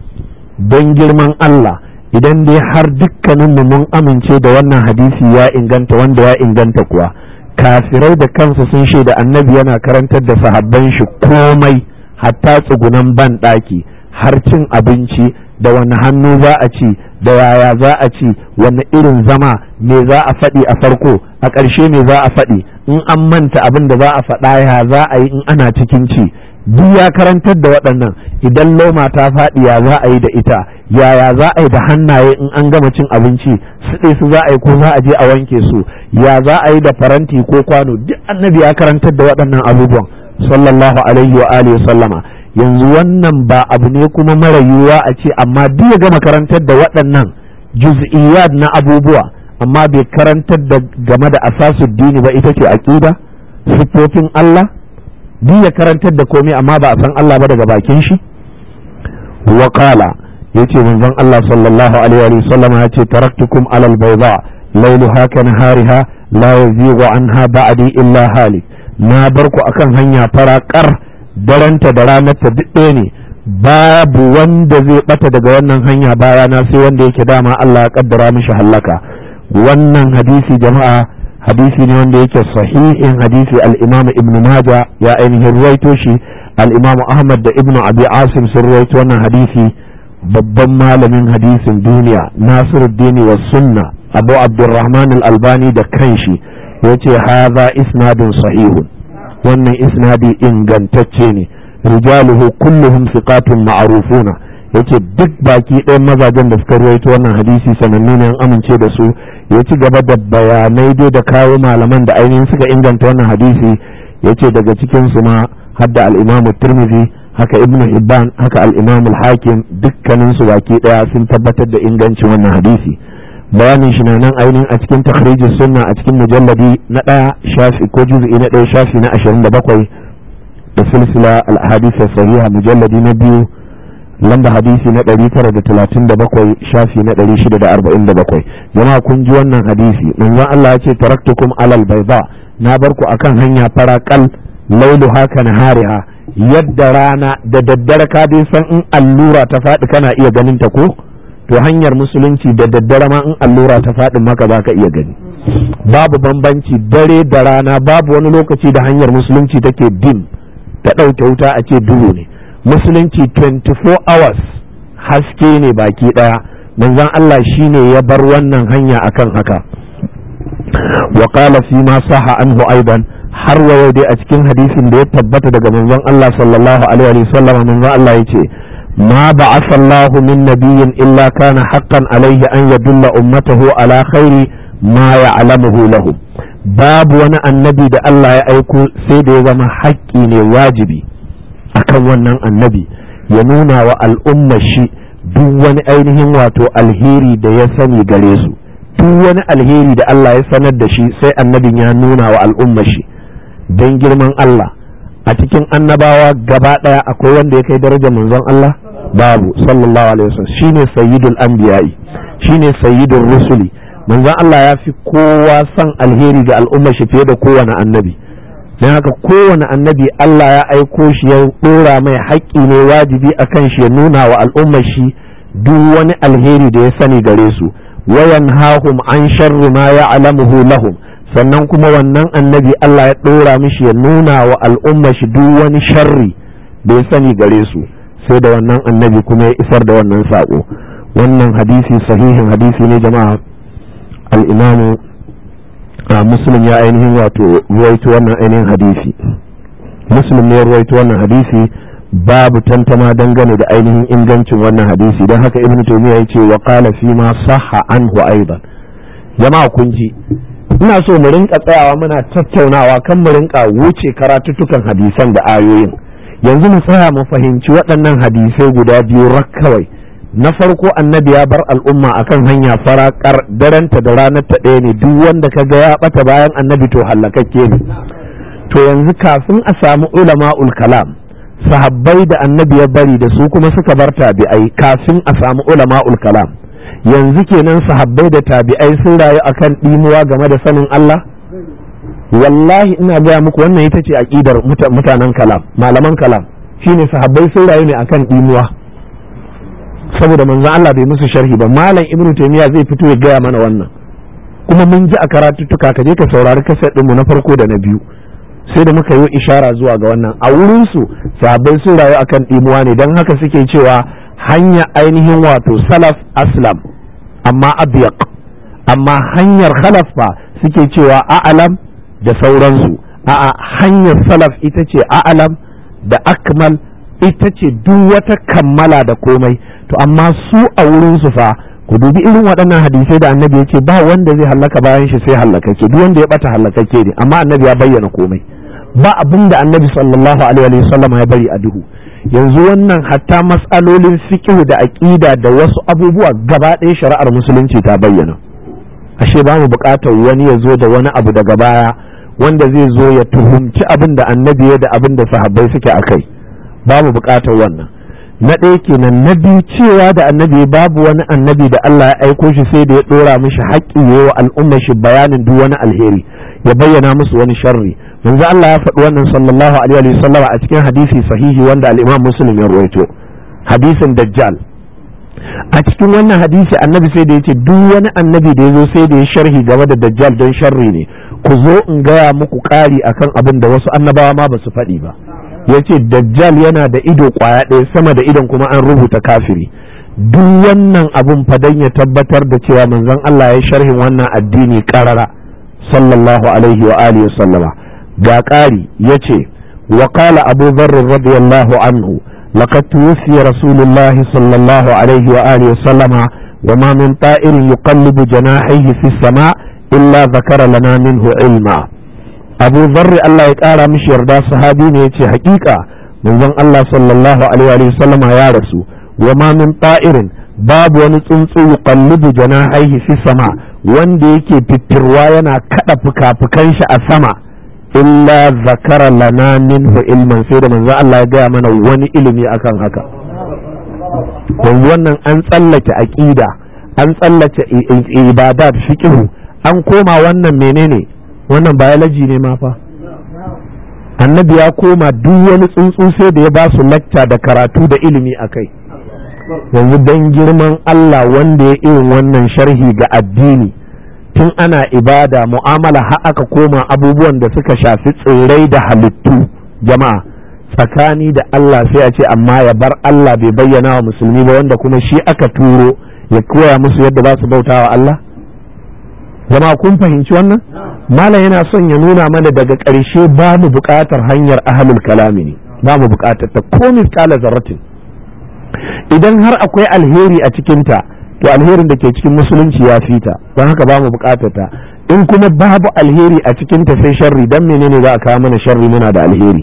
don girman Allah idan dai har dukkanin mu mun amince da wannan hadisi ya inganta wanda ya inganta kuwa kafirai da kansu sun shaida annabi yana karantar da sahabban shi komai hatta tsugunan ban ɗaki har cin abinci da wani hannu za a ci da yaya za a ci wani irin zama me za a faɗi a farko a ƙarshe me za a faɗi in an manta abin da za a faɗa ya za a yi in ana cikin ci duk ya karantar da waɗannan idan loma ta faɗi ya za a yi da ita yaya za a yi da hannaye in an gama cin abinci su su za a yi ko za a je a wanke su ya za a yi da faranti ko kwano duk annabi ya karantar da waɗannan abubuwan sallallahu alaihi wa alihi sallama yanzu wannan ba abu ne kuma mara yiwuwa a ce amma duk ya gama karantar da waɗannan juz'iyat na abubuwa amma bai karantar da game da asasuddini ba ita ce aqida sifofin Allah duk ya karantar da komai amma ba a san Allah ba daga bakin shi wa qala yace manzon Allah sallallahu alaihi wa sallam ya ce taraktukum alal bayda lailuha ka nahariha la yazighu anha ba'di illa halik na barku akan hanya farakar daranta da ranar ta duk ne babu wanda zai bata daga wannan hanya bayana sai wanda yake dama Allah ya kaddara mishi hallaka wannan hadisi jama'a hadisi ne wanda yake sahihin hadisi al-imam ibn maja ya ainihin ruwaito shi al-imam ahmad da ibn abi asim sun ruwaito wannan hadisi babban malamin hadisin duniya nasiruddin wa sunna abu abdurrahman al-albani da kanshi yace hadha isnadun sahihun wannan isnadi ingantacce ne rijaluhu kulluhum thiqatun ma'rufuna yace duk baki ɗayan mazajen da suka ruwaito wannan hadisi sanannu ne an amince da su ya ci gaba da bayanai dai da kawo malaman da ainihin suka inganta wannan hadisi yace daga cikin su ma hadda al-Imam Tirmidhi haka Ibn Hibban haka al-Imam al-Hakim dukkanin su baki ɗaya sun tabbatar da ingancin wannan hadisi bayanin shi nan ainihin a cikin takhrijus sunna a cikin mujalladi na ɗaya shafi ko juz'i na ɗaya shafi na 27 da silsila al-ahadith as-sahiha mujalladi na biyu lamba hadisi na 937 shafi na 647 Yana kun ji wannan hadisi manzon Allah ya ce taraktukum alal bayda na bar ku akan hanya fara kal lailu haka Hariha. yadda rana da daddare ka dai san in allura ta faɗi kana iya ganin ta ko to hanyar musulunci da daddare ma in allura ta faɗi maka za ka iya gani babu bambanci dare da rana babu wani lokaci da hanyar musulunci take dim ta ɗauke wuta a ce duhu ne musulunci 24 hours haske ne baki ɗaya manzon Allah shine ya bar wannan hanya akan haka wa qala fi ma saha anhu aidan har wayo dai a cikin hadisin da ya tabbata daga manzon Allah sallallahu alaihi wa sallam manzon Allah yace nabiyyin illa kana haqqan Alayhi an yadulla ummatahu ala khairi ma ya'lamuhu lahu Babu wani annabi da Allah ya aiko sai da ya zama haƙƙi ne wajibi. akan wannan annabi ya nuna wa al'ummar shi duk wani ainihin wato alheri da ya sani gare su duk wani alheri da Allah ya sanar da shi sai annabin ya nuna wa al'ummar shi don girman Allah a cikin annabawa gaba ɗaya akwai wanda ya kai daraja manzon Allah babu sallallahu alaihi wasallam shine sayyidul anbiya'i shine sayyidul rusuli manzon Allah ya fi kowa son alheri ga al'ummar shi fiye da kowane annabi don haka kowane annabi Allah ya aiko shi ya ɗora mai haƙƙi ne wajibi a kan shi ya nuna wa al'ummar shi duk wani alheri da ya sani gare su wayan hahum an sharri ma ya alamuhu lahum sannan kuma wannan annabi Allah ya ɗora mishi ya nuna wa al'ummar shi duk wani sharri da ya sani gare su sai da wannan annabi kuma ya isar da wannan saƙo wannan hadisi sahihin hadisi ne jama'a al-imamu Ah, muslim ya ainihin wato ruwaito wannan ainihin hadisi muslim ya ruwaito wannan hadisi babu tantama dangane da ainihin ingancin wannan hadisi don haka ibnu taymiya yace wa qala fi ma sahha anhu aidan jama'a kun ji ina so mu rinka tsayawa muna tattaunawa kan mu rinka wuce karatutukan hadisan da ayoyin yanzu mu tsaya mu fahimci waɗannan hadisai guda biyu rak kawai na farko annabi ya bar al'umma akan hanya farakar daranta da ranar ta ɗaya ne duk wanda ka ga ya ɓata bayan annabi to hallakakke ne to yanzu kafin a samu ulama kalam sahabbai da annabi ya bari da su kuma suka bar tabi'ai kafin a samu ulama kalam yanzu kenan sahabbai da tabi'ai sun rayu akan ɗimuwa game da sanin Allah wallahi ina gaya muku wannan ita ce ƙidar mutanen kalam malaman kalam shine sahabbai sun rayu ne akan ɗimuwa saboda manzon Allah bai musu sharhi ba malam ibnu taymiya zai fito ya gaya mana wannan kuma mun ji a karatuttuka ka je ka saurari kaset mu na farko da na biyu sai da muka yi ishara zuwa ga wannan a wurinsu sahabbai sun rayu akan ɗimuwa ne dan haka suke cewa hanya ainihin wato salaf aslam amma abyaq amma hanyar khalaf fa suke cewa a'alam da sauransu a'a hanyar salaf ita ce a'alam da akmal ita ce duk wata kammala da komai to amma su a wurin su fa ku dubi irin waɗannan hadisai da annabi yake ba wanda zai halaka bayan shi sai ke, duk wanda ya bata ke ne amma annabi ya bayyana komai ba abin da annabi sallallahu alaihi sallam ya bari a duhu yanzu wannan hatta matsalolin fiqh da aƙida da wasu abubuwa gaba ɗaya shari'ar musulunci ta bayyana ashe ba mu buƙatar wani ya zo da wani abu daga baya wanda zai zo ya tuhumci abin da annabi ya da abin da sahabbai suke a kai ba mu buƙatar wannan na ɗaya kenan na biyu cewa da annabi babu wani annabi da Allah ya aiko shi sai da ya ɗora mishi haƙƙi ya wa al'umma shi bayanin duk wani alheri ya bayyana musu wani sharri yanzu Allah ya faɗi wannan sallallahu alaihi wa sallam a cikin hadisi sahihi wanda al-Imam Muslim ya rawaito hadisin Dajjal a cikin wannan hadisi annabi sai da ya ce duk wani annabi da ya zo sai da ya sharhi game da Dajjal don sharri ne ku zo in gaya muku ƙari akan abin da wasu annabawa ma ba su faɗi ba ya ce dajjal yana da ido kwaya ɗaya sama da idon kuma an rubuta kafiri duk wannan abun fadan ya tabbatar da cewa manzon Allah ya sharhin wannan addini karara sallallahu alaihi wa alihi sallama ga ƙari ya ce wa qala abu dharr radiyallahu anhu laqad tuwfiya rasulullahi sallallahu alaihi wa alihi sallama wa ma min ta'irin yuqallibu janahihi fi sama illa dhakara lana minhu ilma abu zarri Allah ya ƙara mishi yarda sahabi ne ya ce haƙiƙa manzon Allah sallallahu alaihi wa sallama ya rasu wa ma min ta'irin babu wani tsuntsu yuqallibu janahihi fi sama wanda yake fitirwa yana kada fuka-fukan shi a sama illa zakara lana minhu ilman sai da manzon Allah ya gaya mana wani ilimi akan haka yanzu wannan an tsallake aqida an tsallake ibadat fiqhu an koma wannan menene wannan biology ne ma fa annabi ya koma duk wani tsuntsu sai da ya ba su lacca da karatu da ilimi a kai yanzu don girman Allah wanda ya irin wannan sharhi ga addini tun ana ibada mu'amala har aka koma abubuwan da suka shafi tsirrai da halittu jama'a tsakani da Allah sai a ce amma ya bar Allah bai bayyana wa musulmi ba wanda kuma shi aka turo ya koya musu yadda za su bauta wa Allah jama'a kun fahimci wannan malam yana son ya nuna mana daga ƙarshe ba mu buƙatar hanyar ahalul kalami ne ba mu buƙatar ta ko misƙala zarratin idan har akwai alheri a cikinta to alherin da ke cikin musulunci ya fita don haka ba mu buƙatar ta in kuma babu alheri a cikinta sai sharri dan menene za a kawo mana sharri muna da alheri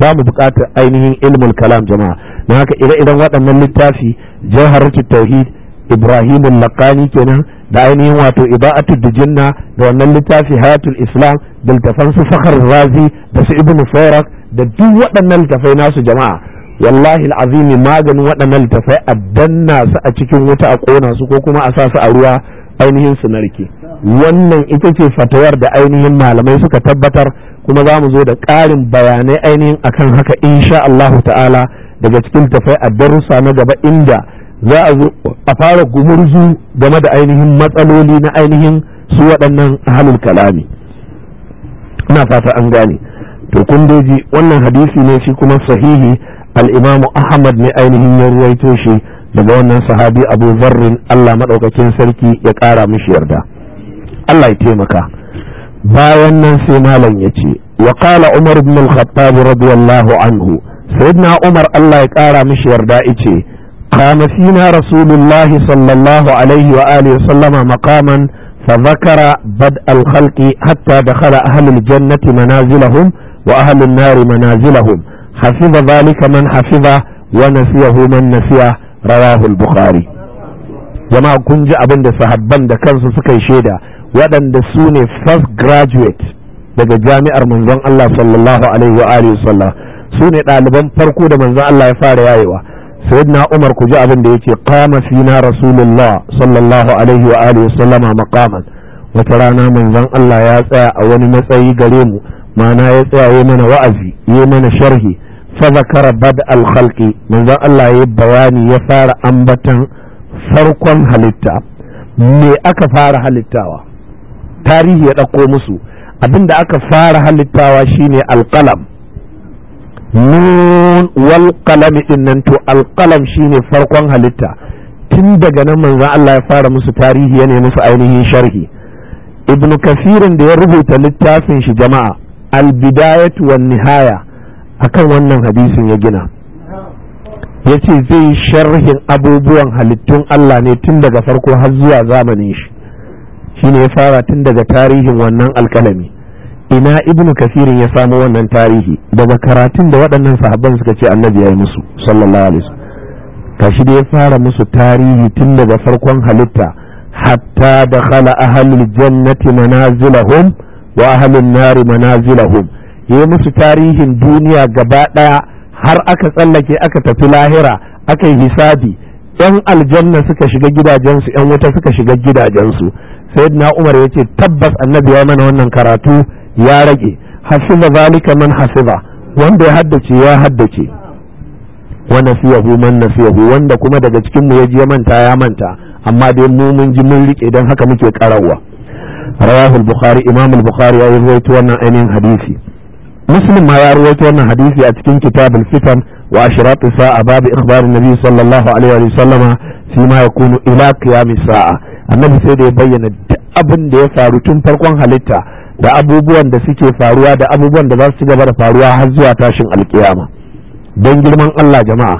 ba mu buƙatar ainihin ilmul kalam jama'a don haka ire-iren waɗannan littafi jawharatul tauhid ibrahimul laqani kenan da ainihin wato iba'atul dijinna da wannan littafi hayatul islam da littafan su fakar razi da su ibn farak da duk waɗannan littafai nasu jama'a wallahi azimi maganin waɗannan littafai a danna su a cikin wuta a ƙona su ko kuma a sa su a ruwa ainihin su narke wannan ita ce fatawar da ainihin malamai suka tabbatar kuma za mu zo da ƙarin bayanai ainihin akan haka insha Allahu ta'ala daga cikin tafai a darussa na gaba inda za a zo a fara gumurzu game da ainihin matsaloli na ainihin su waɗannan halin kalami ina fata an gane to kun doji wannan hadisi ne shi kuma sahihi al'imamu ahmad ne ainihin ya ruwaito shi daga wannan sahabi abu zarrin allah maɗaukakin sarki ya ƙara mishi yarda allah ya taimaka bayan nan sai malam ya ce wa qala umar ibn al-khattab radiyallahu anhu sayyidina umar allah ya ƙara mishi yarda ice قام فينا رسول الله صلى الله عليه وآله وسلم مقاما فذكر بدء الخلق حتى دخل أهل الجنة منازلهم وأهل النار منازلهم حفظ ذلك من حفظه ونسيه من نسيه رواه البخاري jama'a kun ji abin sahabban da kansu suka yi shaida waɗanda su ne first graduate daga jami'ar manzon Allah sallallahu alaihi wa sallam su ne ɗaliban farko da manzon Allah ya fara yayewa sayyidina umar ku ji abin da yake qama fina rasulullah sallallahu alaihi wa alihi sallama wata rana manzon Allah ya tsaya a wani matsayi gare mu ma'ana ya tsaya mana wa'azi yayi mana sharhi fa zakara bad al khalqi manzon Allah yayi bayani ya fara ambatan farkon halitta me aka fara halittawa tarihi ya ɗauko musu abin da aka fara halittawa shine alqalam nun wal kalami din nan to al shine farkon halitta tun daga nan manzon Allah ya fara musu tarihi ya musu ainihin sharhi ibn kafirin da ya rubuta littafin shi jama'a al bidayatu wan nihaya akan wannan hadisin ya gina ya ce zai sharhin abubuwan halittun Allah ne tun daga farko har zuwa zamanin shi shi ya fara tun daga tarihin wannan alkalami ina ibnu kasirin ya samu wannan tarihi daga karatun da waɗannan sahabban suka ce annabi ya yi musu sallallahu alaihi kashi da ya fara musu tarihi tun daga farkon halitta hatta da khala ahlul jannati manazilahum wa ahlun nari manazilahum ya yi musu tarihin duniya gaba ɗaya har aka tsallake aka tafi lahira aka yi hisabi yan aljanna suka shiga gidajensu yan wuta suka shiga gidajensu sayyidina umar ya ce tabbas annabi ya mana wannan karatu ya rage hafiza zalika man hafiza wanda ya haddace ya haddace wa nasiyahu man nasiyahu wanda kuma daga cikin mu yaji ya manta ya manta amma dai mu mun ji mun rike dan haka muke karawa rawahu al-bukhari imam al-bukhari ya rawaito wannan ainihin hadisi muslim ma ya rawaito wannan hadisi a cikin kitab al-fitan wa ashrat sa'a babu ikhbar an-nabi sallallahu alaihi wa sallama fi ma yakunu ila qiyam sa'a annabi sai da ya bayyana abin da ya faru tun farkon halitta da abubuwan da suke faruwa da abubuwan da za su gaba da faruwa har zuwa tashin alkiyama don girman Allah jama'a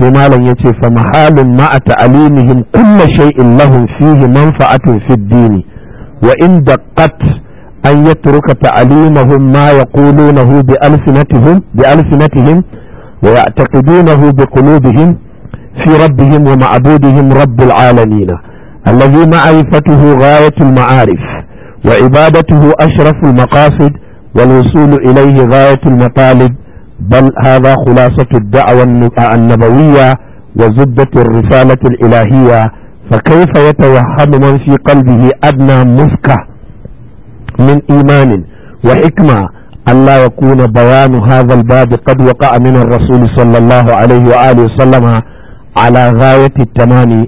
sai malam ya ce fa mahalun ma'a ta'alimihim kulla shay'in lahum fihi manfa'atun fid dini wa in daqqat an yatruka ta'alimahum ma yaqulunahu bi alsinatihim bi alsinatihim wa ya'taqidunahu bi qulubihim fi rabbihim wa ma'budihim rabbil alamin alladhi ma'rifatuhu ghayatul ma'arif وعبادته أشرف المقاصد والوصول إليه غاية المطالب بل هذا خلاصة الدعوة النبوية وزبدة الرسالة الإلهية فكيف يتوهم من في قلبه أدنى مسكة من إيمان وحكمة ألا يكون بيان هذا الباب قد وقع من الرسول صلى الله عليه وآله وسلم على غاية التمام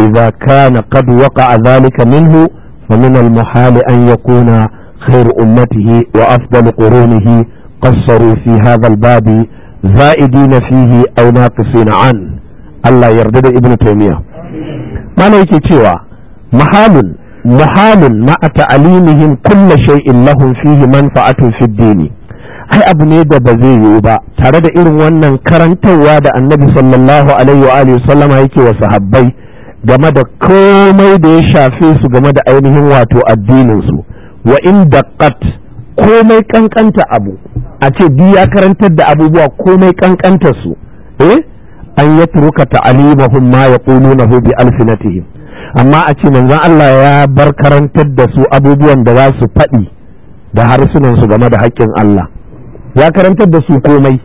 إذا كان قد وقع ذلك منه فمن المحال أن يكون خير أمته وأفضل قرونه قصروا في هذا الباب زائدين فيه أو ناقصين عنه الله يردد ابن تيمية ما نيكي تيوى محال محال مع تعليمهم كل شيء لهم فيه منفعة في الدين ai abu ne da ba zai yiwu ba tare da irin wannan karantarwa da annabi sallallahu alaihi wa alihi sallama yake wa sahabbai game da komai da ya shafe su game da ainihin wato addininsu wa in daqqat komai kankanta abu a ce duk ya karantar da abubuwa komai kankanta su eh an yatruka ta'limahum ma yaqulunahu bi alfinatihim amma a ce manzon Allah ya bar karantar da su abubuwan da za su faɗi da harsunansu game da haƙƙin Allah ya karantar da su komai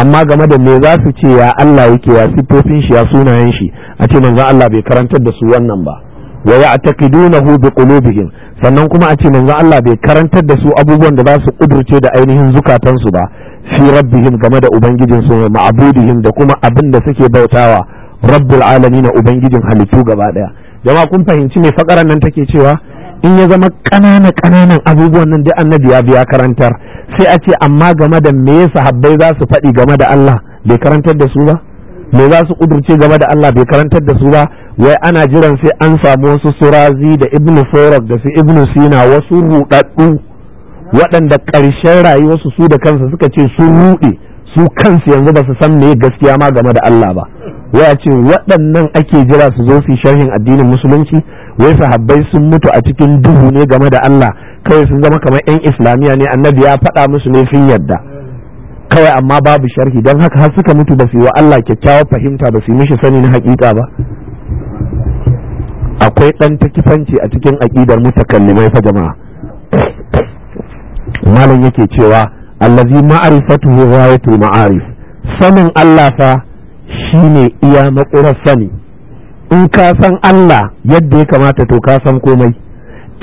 amma game da me za su ce ya Allah yake ya sifofin shi ya sunayen shi a ce manzon Allah bai karantar da su wannan ba wa ya'taqidunahu bi qulubihim sannan kuma a ce manzon Allah bai karantar da su abubuwan da za su kudurce da ainihin zukatansu ba fi rabbihim game da ubangijinsu su ma'budihim da kuma abin da suke bautawa rabbul alamin ubangijin halittu gaba daya jama'a kun fahimci me fakaran nan take cewa in ya zama ƙanana ƙananan abubuwan nan da annabi ya biya karantar sai a ce amma game da me yasa sahabbai za su faɗi game da Allah bai karantar da su ba me za su kudurce game da Allah bai karantar da su ba wai ana jiran sai an samu wasu surazi da ibnu forak da su ibnu sina wasu ruɗaɗɗu waɗanda ƙarshen rayuwarsu su da kansu suka ce sun rude su kansu yanzu ba su san me gaskiya ma game da Allah ba Ya ce waɗannan ake jira su zo su sharhin addinin musulunci wai sahabbai sun mutu a cikin duhu ne game da Allah kawai sun zama kamar yan islamiyya ne annabi ya faɗa musu ne sun yadda kawai amma babu sharhi don haka har suka mutu ba su yi wa Allah kyakkyawar fahimta ba su yi mishi sani na hakika ba akwai ɗan takifanci a cikin aƙidar mutakallimai fa jama'a malam yake cewa allazi ma'arifatuhu ghayatul ma'arif sanin Allah fa Shi ne iya makurar sani in ka san Allah yadda ya kamata to ka san komai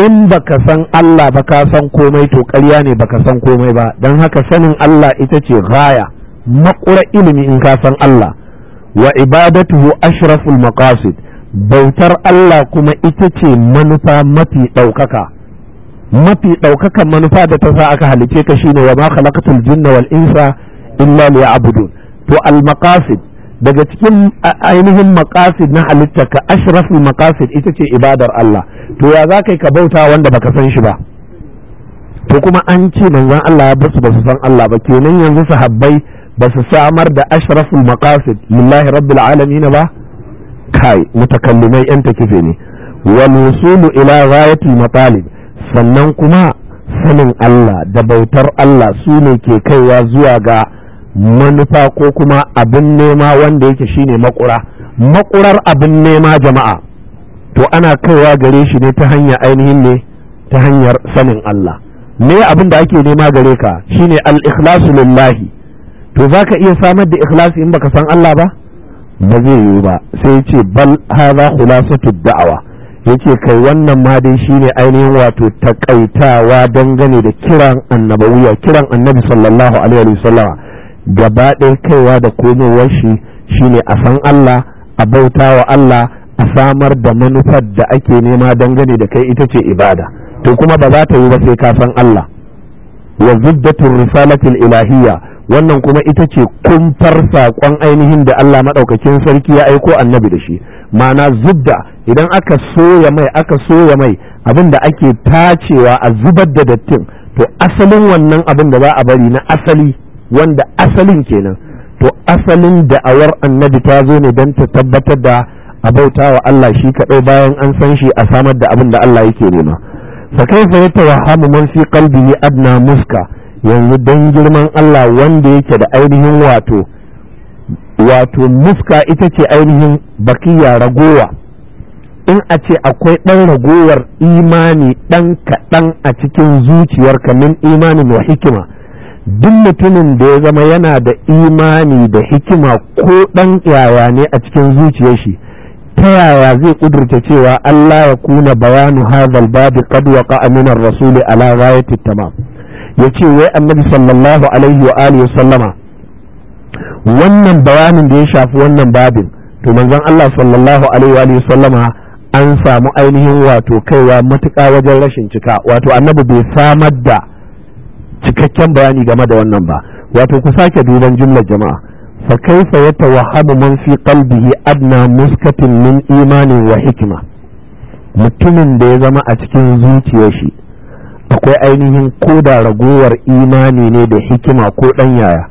in baka san Allah ba ka san komai to ƙarya ne baka san komai ba don haka sanin Allah ita ce gaya makura ilimi in ka san Allah wa ibadatuhu ashraful maqasid bautar Allah kuma ita ce manufa mafi ɗaukaka mafi ɗaukakan manufa da ta sa aka halice ka shine wa ma khalaqatul jinna wal insa illa liya'budun to al maqasid daga cikin ainihin makasid na ka ashraful makasid ita ce ibadar Allah to ya za ka bauta wanda baka san shi ba to kuma an ce manzon Allah ya basu basu san Allah ba kenan yanzu sahabbai ba su samar da ashraful makasid lillahi rabbil alamin ba kai mutakallimai yan takife ne wal wusul ila ghayatil matalib sannan kuma sanin Allah da bautar Allah su ne ke kaiwa zuwa ga manufa ko kuma abin nema wanda yake shine makura makurar abin nema jama'a to ana kaiwa gare shi ne ta hanyar ainihin ne ta hanyar sanin Allah me abin da ake nema gare ka shine al-ikhlasu lillahi to zaka iya samar da ikhlasi in baka san Allah ba ba zai yi ba sai ce bal hadha khulasatu da'awa yace kai wannan ma dai shine ainihin wato takaitawa dangane da kiran annabawiya kiran annabi sallallahu alaihi wasallama gaba kaiwa da komowar shi shine a san Allah a bauta wa Allah a samar da manufar da ake nema dangane da kai ita ce ibada to kuma ba za ta yi ba sai ka san Allah wa zuddatu risalatil ilahiyya wannan kuma ita ce kumfar saƙon ainihin da Allah maɗaukacin sarki ya aiko annabi da shi ma'ana zubda idan aka soya mai aka soya mai abin da ake tacewa a zubar da dattin to asalin wannan abin da za a bari na asali wanda asalin kenan to asalin da'awar annabi ta zo ne dan ta tabbatar da a bauta Allah shi kaɗai bayan an san shi a samar da abin da Allah yake nema fa kaifa yatawahhamu man fi qalbihi adna muska yanzu dan girman Allah wanda yake da ainihin wato wato muska ita ce ainihin bakiya ragowa in a ce akwai ɗan ragowar imani ɗan kaɗan a cikin zuciyarka min imanin wa hikima duk mutumin da ya zama yana da imani da hikima ko ɗan yaya ne a cikin zuciyar shi ta yaya zai kudurta cewa Allah ya kuna bayanu hadhal babi qad waqa min ar-rasuli ala ghayati tamam yace wai annabi sallallahu alaihi wa alihi sallama wannan bayanin da ya shafi wannan babin to manzon Allah sallallahu alaihi wa alihi sallama an samu ainihin wato kaiwa matuƙa wajen rashin cika wato annabi bai samar da cikakken bayani game da wannan ba wato ku sake duban jumlar jama'a fa kaifa yatawahhamu man fi qalbihi adna muskatin min imanin wa hikima mutumin da ya zama a cikin zuciyar shi akwai ainihin koda ragowar imani ne da hikima ko dan yaya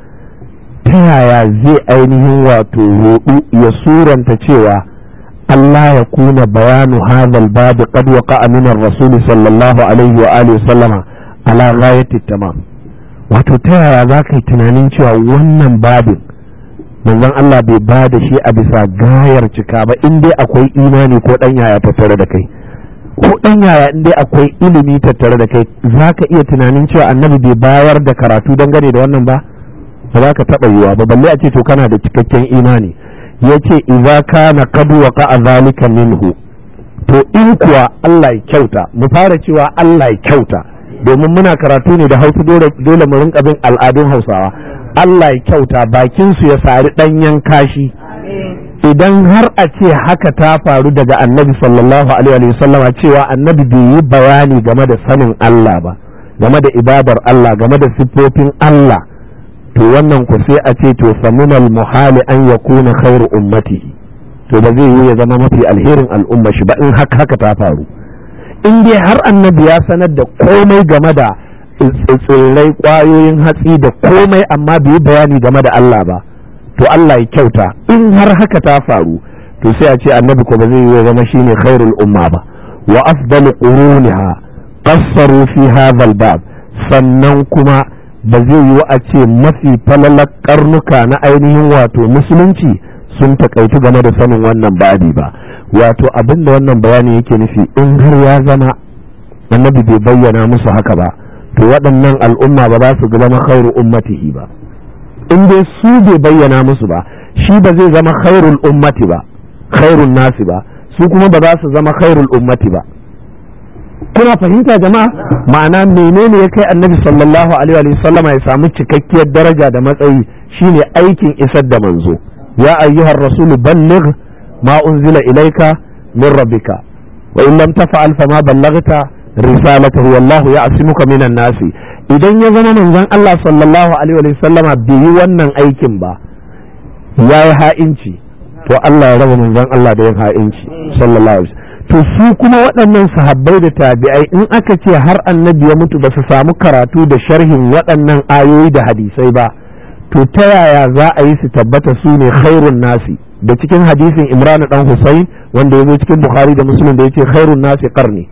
ta yaya zai ainihin wato roɗu ya suranta cewa Allah ya kuna bayanu hadal babu qad waqa'a min ar-rasul sallallahu alaihi wa alihi sallama ala rayatu tamam wato ta yaya za ka yi tunanin cewa wannan babin manzon Allah bai ba da shi a bisa gayar cika ba in dai akwai imani ko dan yaya tattare da kai ko dan yaya in dai akwai ilimi tattare da kai za ka iya tunanin cewa annabi bai bayar da karatu dangane da wannan ba ba za ka taɓa yiwa ba balle a ce to kana da cikakken imani ya ce idza kana qad waqa'a zalika minhu to in kuwa Allah ya kyauta mu fara cewa Allah ya kyauta domin muna karatu ne da hausa dole mu rinka bin al'adun hausawa Allah ya kyauta bakin su ya sari ɗanyen kashi idan har a ce haka ta faru daga annabi sallallahu alaihi wasallama cewa annabi bai yi bayani game da sanin Allah ba game da ibadar Allah game da siffofin Allah to wannan ku sai a ce to samunal muhali an yakuna khairu ummati to ba zai yi ya zama mafi alherin al'umma shi ba in haka haka ta faru in dai har annabi ya sanar da komai game da tsirrai kwayoyin hatsi da komai amma bai bayani game da Allah ba to Allah ya kyauta in har haka ta faru to sai a ce annabi ko ba zai yi zama shine khairul umma ba wa afdalu quruniha qassaru fi hadha bab sannan kuma ba zai yi a ce mafi falalar karnuka na ainihin wato musulunci sun takaitu game da sanin wannan babi ba wato abin da wannan bayani yake nufi in har ya zama annabi bai bayyana musu haka ba to waɗannan al'umma ba za su zama khairu ummatihi ba in dai su bai bayyana musu ba shi ba zai zama khairul ummati ba khairun nasi ba su kuma ba za su zama khairul ummati ba kuna fahimta jama'a ma'ana menene ya kai annabi sallallahu alaihi wa sallama ya samu cikakkiyar daraja da matsayi shine aikin isar da manzo ya ayyuhar rasulu balligh Ma'unzila unzila ilaika min rabbika wa in lam tafa'al fa ma ballaghta risalatahu wallahu ya'simuka minan nasi idan ya zama manzon Allah sallallahu alaihi wa sallama bai wannan aikin ba ya yi ha'inci to Allah ya raba manzon Allah da yin ha'inci sallallahu alaihi to su kuma waɗannan sahabbai da tabi'ai in aka ce har annabi ya mutu ba su samu karatu da sharhin waɗannan ayoyi da hadisai ba to ta yaya za a yi su tabbata su ne khairun nasi da cikin hadisin imran dan husayn wanda yazo cikin bukhari da muslim da yace khairun nasi qarni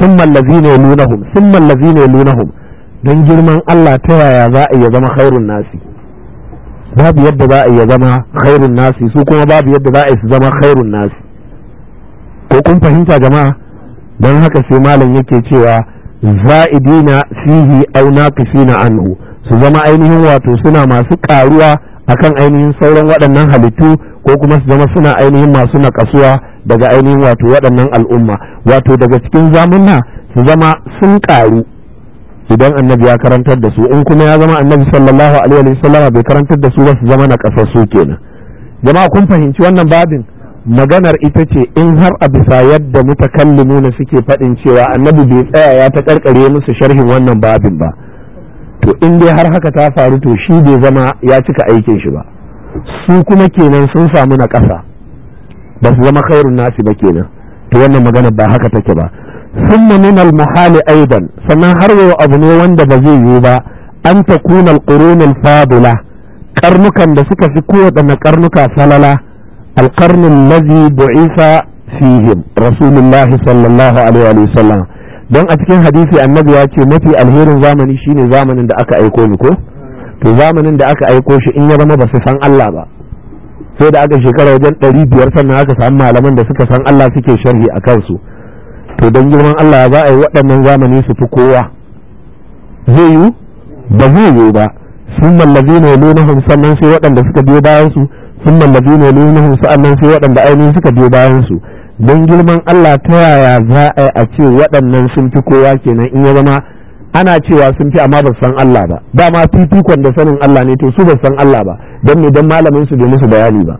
thumma allazina yalunahum thumma allazina yalunahum dan girman Allah ta yaya za a iya zama khairun nasi babu yadda za a iya zama khairun nasi su kuma babu yadda za a iya zama khairun nasi ko kun fahimta jama'a don haka sai malam yake cewa za'idina fihi aw naqisina anhu su zama ainihin wato suna masu karuwa akan ainihin sauran waɗannan halittu ko kuma su zama suna ainihin masu naƙasuwa daga ainihin wato waɗannan al'umma wato daga cikin zamunna su zama sun ƙaru idan annabi ya karantar da su in kuma ya zama annabi sallallahu alaihi wasallam bai karantar da su ba su zama su kenan jama'a kun fahimci wannan babin maganar ita ce in har a bisa yadda mutakallimuna suke faɗin cewa annabi bai tsaya ya ta karkare musu sharhin wannan babin ba to in dai har haka ta faru to shi bai zama ya cika aikin shi ba su kuma kenan sun samu na ƙasa ba su zama khairun nasi ba kenan to wannan magana ba haka take ba ثم al muhali أيضا sannan har yau abu ne wanda ba zai yiwu ba an ta kuna alƙurun alfadula karnukan da suka fi kowanne karnuka salala alƙarnin lazi bu'isa fihim rasulullahi sallallahu alaihi wa sallam don a cikin hadisi annabi ya ce mafi alherin zamani shine zamanin da aka aiko ni ko to zamanin da aka aiko shi in ya zama ba su san Allah ba sai da aka shekara wajen ɗari biyar sannan aka samu malaman da suka san Allah suke sharhi a kansu to don girman Allah za a yi waɗannan zamani su fi kowa zai yi ba zai yi ba sun mallabi ne lunahun sannan sai waɗanda suka biyo bayan su sun mallabi ne lunahun sannan sai waɗanda ainihin suka biyo bayan su don girman Allah ta yaya za a yi a ce waɗannan sun fi kowa kenan in ya zama ana cewa sun fi amma ba san Allah ba ba ma fifikon da sanin Allah ne to su ba san Allah ba don me don malamin su bai musu bayani ba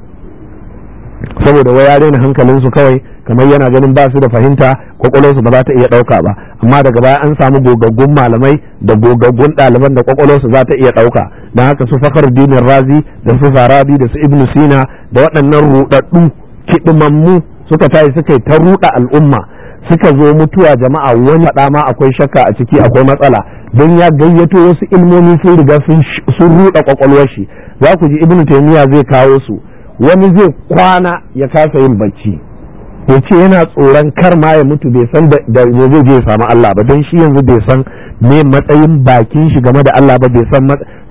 saboda wai ya daina hankalin su kawai kamar yana ganin ba su da fahimta kwakwalwar su ba za ta iya ɗauka ba amma daga baya an samu gogaggun malamai da gogaggun ɗaliban da kwakwalwar su za ta iya ɗauka don haka su fakar dinin razi da su farabi da su ibnu sina da waɗannan ruɗaɗɗu kiɗimammu suka tashi suka yi ta ruɗa al'umma suka zo mutuwa jama'a wani faɗa ma akwai shakka a ciki akwai matsala don ya gayyato wasu ilmomi sun riga sun ruɗa kwakwalwar shi za ku ji ibnu taymiya zai kawo su wani zai kwana ya kasa yin bacci ya ce yana tsoron kar ma ya mutu bai san da me zai je samu Allah ba don shi yanzu bai san me matsayin bakin shi game da Allah ba bai san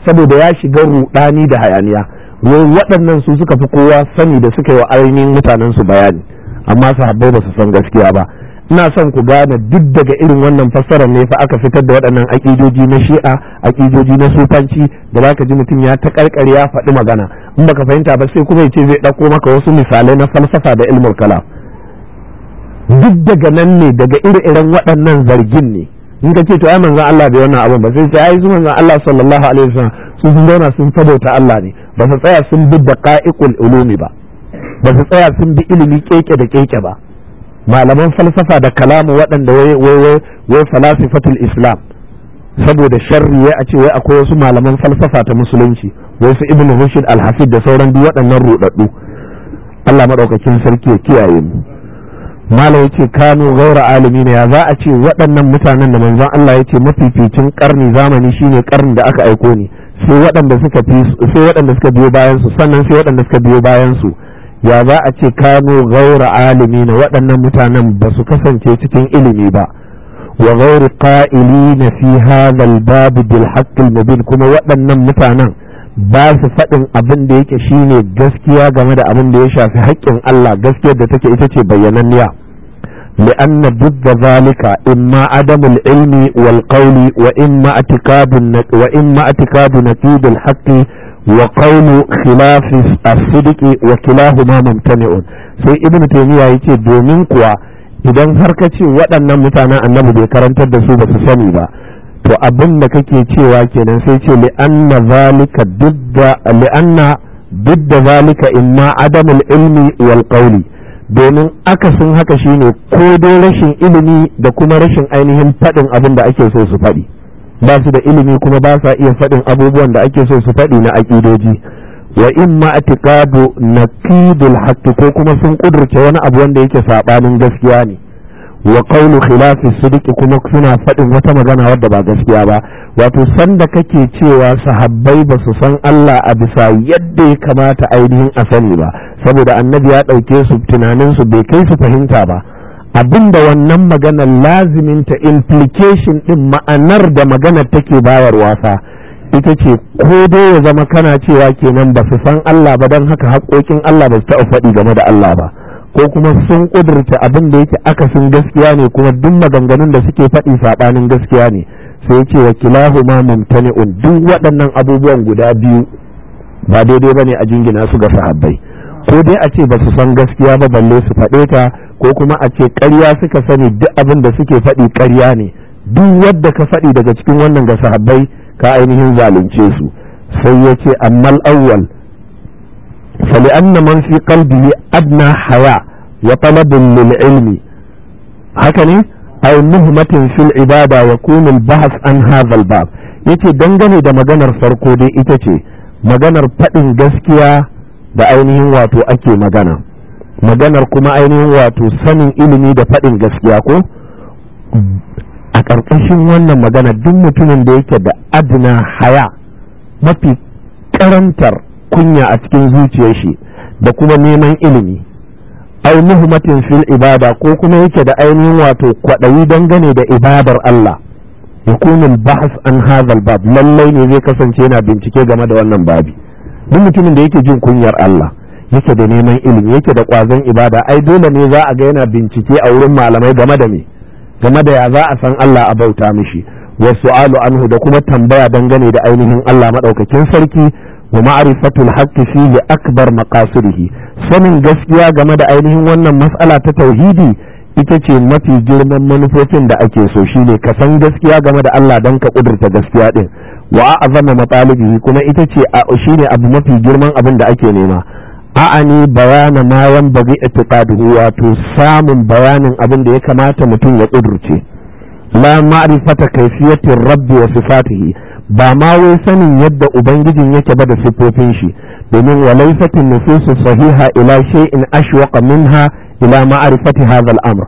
saboda ya shiga ruɗani da hayaniya wai waɗannan su suka fi kowa sani da suka yi wa ainihin mutanen su bayani amma sahabbai ba su san gaskiya ba ina son ku gane duk daga irin wannan fassarar ne fa aka fitar da waɗannan aƙidoji na shi'a aƙidoji na sufanci da zaka ji mutum ya ta karkare ya faɗi magana in baka fahimta ba sai kuma ya ce zai ɗauko maka wasu misalai na falsafa da ilmul kalam duk daga nan ne daga ire-iren waɗannan zargin ne in ka ce to ai manzon Allah bai wannan abin ba sai sai ai manzon Allah sallallahu alaihi wasallam sun zauna sun sabota Allah ne ba su tsaya sun bi da qa'iqul ulumi ba ba su tsaya sun bi ilimi keke da keke ba malaman falsafa da kalamu waɗanda wai falasifatul islam saboda sharri wai a ce wai akwai wasu malaman falsafa ta musulunci wai su ibnu rushd al-hafid da sauran duk waɗannan rudaddu Allah madaukakin sarki ya kiyaye mu malam yace kanu gaura alimi ne ya za a ce waɗannan mutanen da manzon Allah yace mafificin karni zamani shine karni da aka aiko ni sai waɗanda suka sai waɗanda suka biyo bayan su sannan sai waɗanda suka biyo bayan su ya za a ce kano gaura alimi na waɗannan mutanen ba su kasance cikin ilimi ba wa gauri ƙa'ili na fi hadal babu bil mubin kuma waɗannan mutanen ba su faɗin abin da yake shine gaskiya game da abin da ya shafi haƙƙin Allah gaskiyar da take ita ce bayyananniya لأن ضد ذلك إما عدم العلم wa وإما اعتقاد وإما na نقيض haƙƙi. wa qawlu khilaf as-sidq wa kilahuma mumtani'un sai ibn taymiya yake domin kuwa idan har ka ce waɗannan mutanen annabi bai karantar da su ba su sani ba to abin da kake cewa kenan sai ce li'anna zalika dudda li'anna dudda zalika imma adamul ilmi wal qawli domin akasin haka shine ko dai rashin ilimi da kuma rashin ainihin faɗin abin da ake so su faɗi ba su da ilimi kuma ba sa iya faɗin abubuwan da ake so su faɗi na aƙidoji wa in ma atiqadu naqidul ko kuma sun kudurce wani abu wanda yake saɓanin gaskiya ne wa qawlu su sidqi kuma suna faɗin wata magana wadda ba gaskiya ba wato sanda kake cewa sahabbai ba su san Allah a bisa yadda ya kamata ainihin a sani ba saboda annabi ya ɗauke su tunanin su bai kai su fahimta ba Abin da wannan maganar laziminta implication din ma'anar da maganar take bayar wasa ita ce ko dai ya zama kana cewa kenan ba su san Allah ba don haka haƙoƙin Allah ba su taɓa faɗi game da Allah ba ko kuma sun ƙudurta abin da yake akasin gaskiya ne kuma duk maganganun da suke faɗi saɓanin gaskiya ne sai ce wa kilahu ma mumtani'un duk waɗannan abubuwan guda biyu ba daidai ba ne a jingina su ga sahabbai ko dai a ce ba su san gaskiya ba balle su faɗe ta ko kuma a ce ƙarya suka sani duk abin da suke faɗi ƙarya ne duk wadda ka faɗi daga cikin wannan ga sahabbai ka ainihin zalunce su sai ya ce ammal awwal فلأن من في قلبه أدنى حياء ne للعلم هكذا أو ibada في العبادة يكون an عن هذا الباب yace dangane da maganar farko dai ita ce maganar faɗin gaskiya da ainihin wato ake magana maganar kuma ainihin wato sanin ilimi da faɗin gaskiya ko a ƙarƙashin wannan magana duk mutumin da yake da adina haya mafi karantar kunya a cikin zuciyar shi da kuma neman ilimi au muhimmatin fil ibada ko kuma yake da ainihin wato kwaɗayi dangane da ibadar Allah hukumin bahas an hazal bab lallai ne zai kasance yana bincike game da wannan babi duk mutumin da yake jin kunyar Allah yake da neman ilimi yake da kwazon ibada ai dole ne za a ga yana bincike a wurin malamai game da me game da ya za a san Allah a bauta mishi wa su'alu anhu da kuma tambaya dangane da ainihin Allah madaukakin sarki wa ma'rifatul haqqi fi akbar maqasidihi sanin gaskiya game da ainihin wannan mas'ala ta tauhidi ita ce mafi girman manufofin da ake so shine ka san gaskiya game da Allah dan ka kudurta gaskiya din wa a zama matalibihi kuma ita ce a shine abu mafi girman abin da ake nema a'ani bayana ma yan da itiqaduhu wato samun bayanin abin da ya kamata mutum ya kudurce la ma'rifata kayfiyati rabbi wa sifatihi ba ma wai sanin yadda ubangijin yake ba da sifofin shi domin wa laysat sahiha ila shay'in ashwaq minha ila ma'rifati hadha al-amr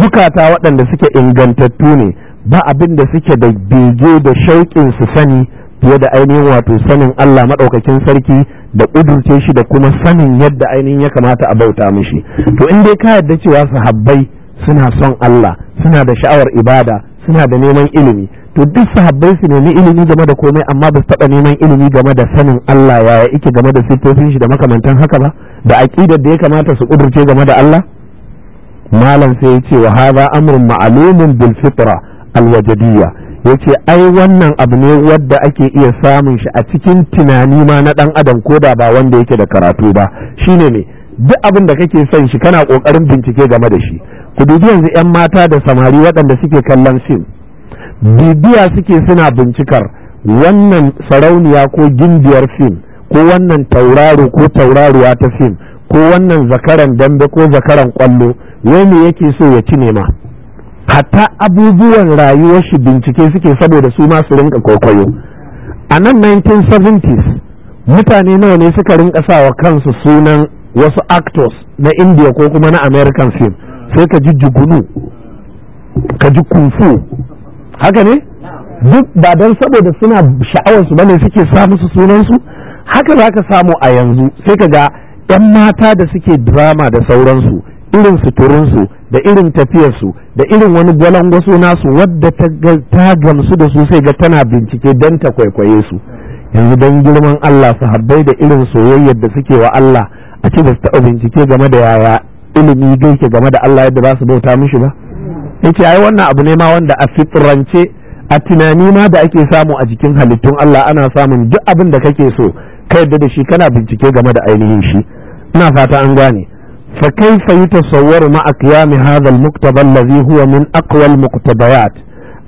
zukata waɗanda suke ingantattu ne ba abin da suke da bege da shauƙin su sani fiye da ainihin wato sanin Allah maɗaukakin sarki da ƙudurce shi da kuma sanin yadda ainihin ya kamata a bauta mishi to in dai ka yadda cewa sahabbai suna son Allah suna da sha'awar ibada suna da neman ilimi to duk sahabbai su nemi ilimi game da komai amma ba su taɓa neman ilimi game da sanin Allah yaya ike game da siffofin shi da makamantan haka ba da aƙidar da ya kamata su ƙudurce game da Allah malam sai ya ce wa hadha amrun ma'lumun bil fitra al ya ce ai wannan abu ne wadda ake iya samun shi a cikin tunani ma na ɗan adam ko da ba wanda yake da karatu ba shine ne duk abin da kake son shi kana ƙoƙarin bincike game da shi ku dubi yanzu 'yan mata da samari waɗanda suke kallon fim bibiya suke suna bincikar wannan sarauniya ko gindiyar fim ko wannan tauraro ko tauraruwa ta fim ko wannan zakaran dambe ko zakaran kwallo wai yake so ya ci nema hatta abubuwan rayuwar shi bincike suke saboda su masu su rinka kwaikwayo a nan 1970s mutane nawa ne suka rinka sawa kansu sunan wasu actors na india ko kuma na american film sai ka ji jugunu ka ji kunfu haka ne duk ba don saboda suna sha'awarsu bane suke sa musu sunansu haka za ka samu a yanzu sai ka ga 'yan mata da suke drama da sauransu irin suturinsu da irin tafiyarsu da irin wani gwalangwaso nasu wadda ta gamsu da su sai ga tana bincike don ta kwaikwaye su yanzu don girman Allah su habbai da irin soyayyar da suke wa Allah a ce ba su taɓa bincike game da yaya ilimi yake game da Allah yadda za su bauta mishi ba yace ai wannan abu ne ma wanda a fitrance a tunani ma da ake samu a jikin halittun Allah ana samun duk abin da kake so ka yadda da shi kana bincike game da ainihin shi ina fata an gane fa kaifa yatasawwaru ma'a qiyam hadha al-muktaba alladhi huwa min aqwa al-muqtabayat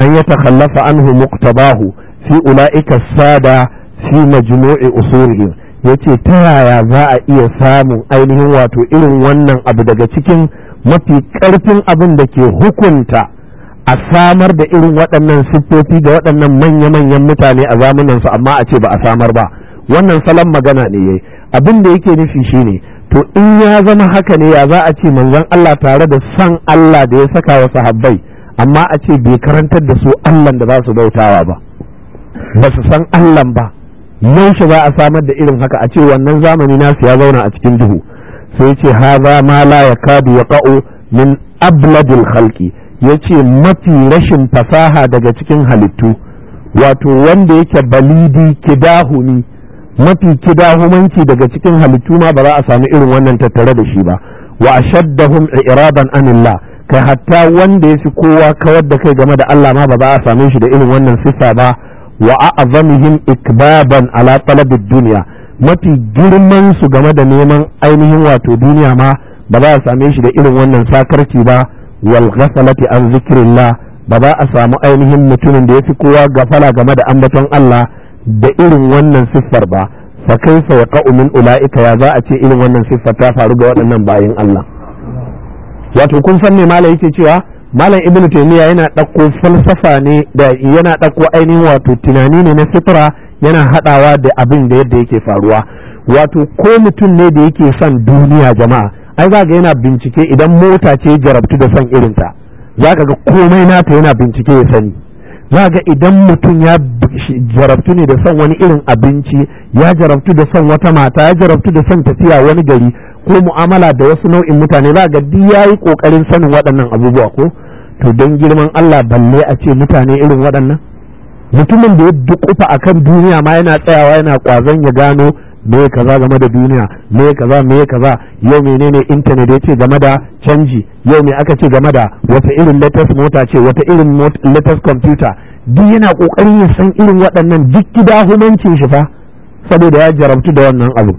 an yatakhallafa anhu muktabahu. fi ulaika sada fi majmu'i usulihim yace ta yaya za a iya samun ainihin wato irin wannan abu daga cikin mafi ƙarfin abin da ke hukunta a samar da irin waɗannan siffofi da waɗannan manya-manyan mutane a zamaninsu amma a ce ba a samar ba wannan salon magana ne yayi abin da yake nufi shine to in ya zama haka ne ya za a ce manzon Allah tare da san Allah da ya saka wa sahabbai amma a ce bai karantar da su Allah da za su bautawa ba ba su san Allah ba yaushe za a samar da irin haka a ce wannan zamani nasu ya zauna a cikin duhu sai ce haza ma la ya ka'o min abladil khalqi ce mafi rashin fasaha daga cikin halittu wato wanda yake balidi kidahumi mafi kidahumanci daga cikin halittu ma ba za a sami irin wannan tattare da shi ba wa ashaddahum iraban anillah kai hatta wanda ya fi kowa kawar da kai game da Allah ma ba za a same shi da irin wannan sifa ba wa a'zamihim ikbaban ala talabid dunya mafi girman su game da neman ainihin wato duniya ma ba za a same shi da irin wannan sakarci ba wal ghasalati an zikrillah ba za a samu ainihin mutumin da ya fi kowa gafala game da ambaton Allah da irin wannan siffar ba fa kaifa yaqa'u min ula'ika ya za a ce irin wannan siffar ta faru ga waɗannan bayin Allah wato kun san me malai yake cewa malam ibnu taymiya yana ɗauko falsafa ne da yana ɗauko ainihin wato tunani ne na fitra yana haɗawa da abin da yadda yake faruwa wato ko mutum ne da yake son duniya jama'a ai za ga yana bincike idan mota ce jarabtu da son irinta za ga komai nata yana bincike ya sani za ga idan mutum ya jarabtu ne da son wani irin abinci ya jarabtu da son wata mata ya jarabtu da son tafiya wani gari ko mu'amala da wasu nau'in mutane za ga duk ya yi ƙoƙarin sanin waɗannan abubuwa ko to don girman Allah balle a ce mutane irin waɗannan mutumin da ya dukufa kan duniya ma yana tsayawa yana ƙwazon ya gano me kaza game da duniya me kaza me kaza yau menene intanet ya ce game da canji yau me aka ce game da wata irin latest mota ce wata irin latest computer duk yana kokarin ya san irin waɗannan duk gida humancin shi fa saboda ya jarabtu da wannan abu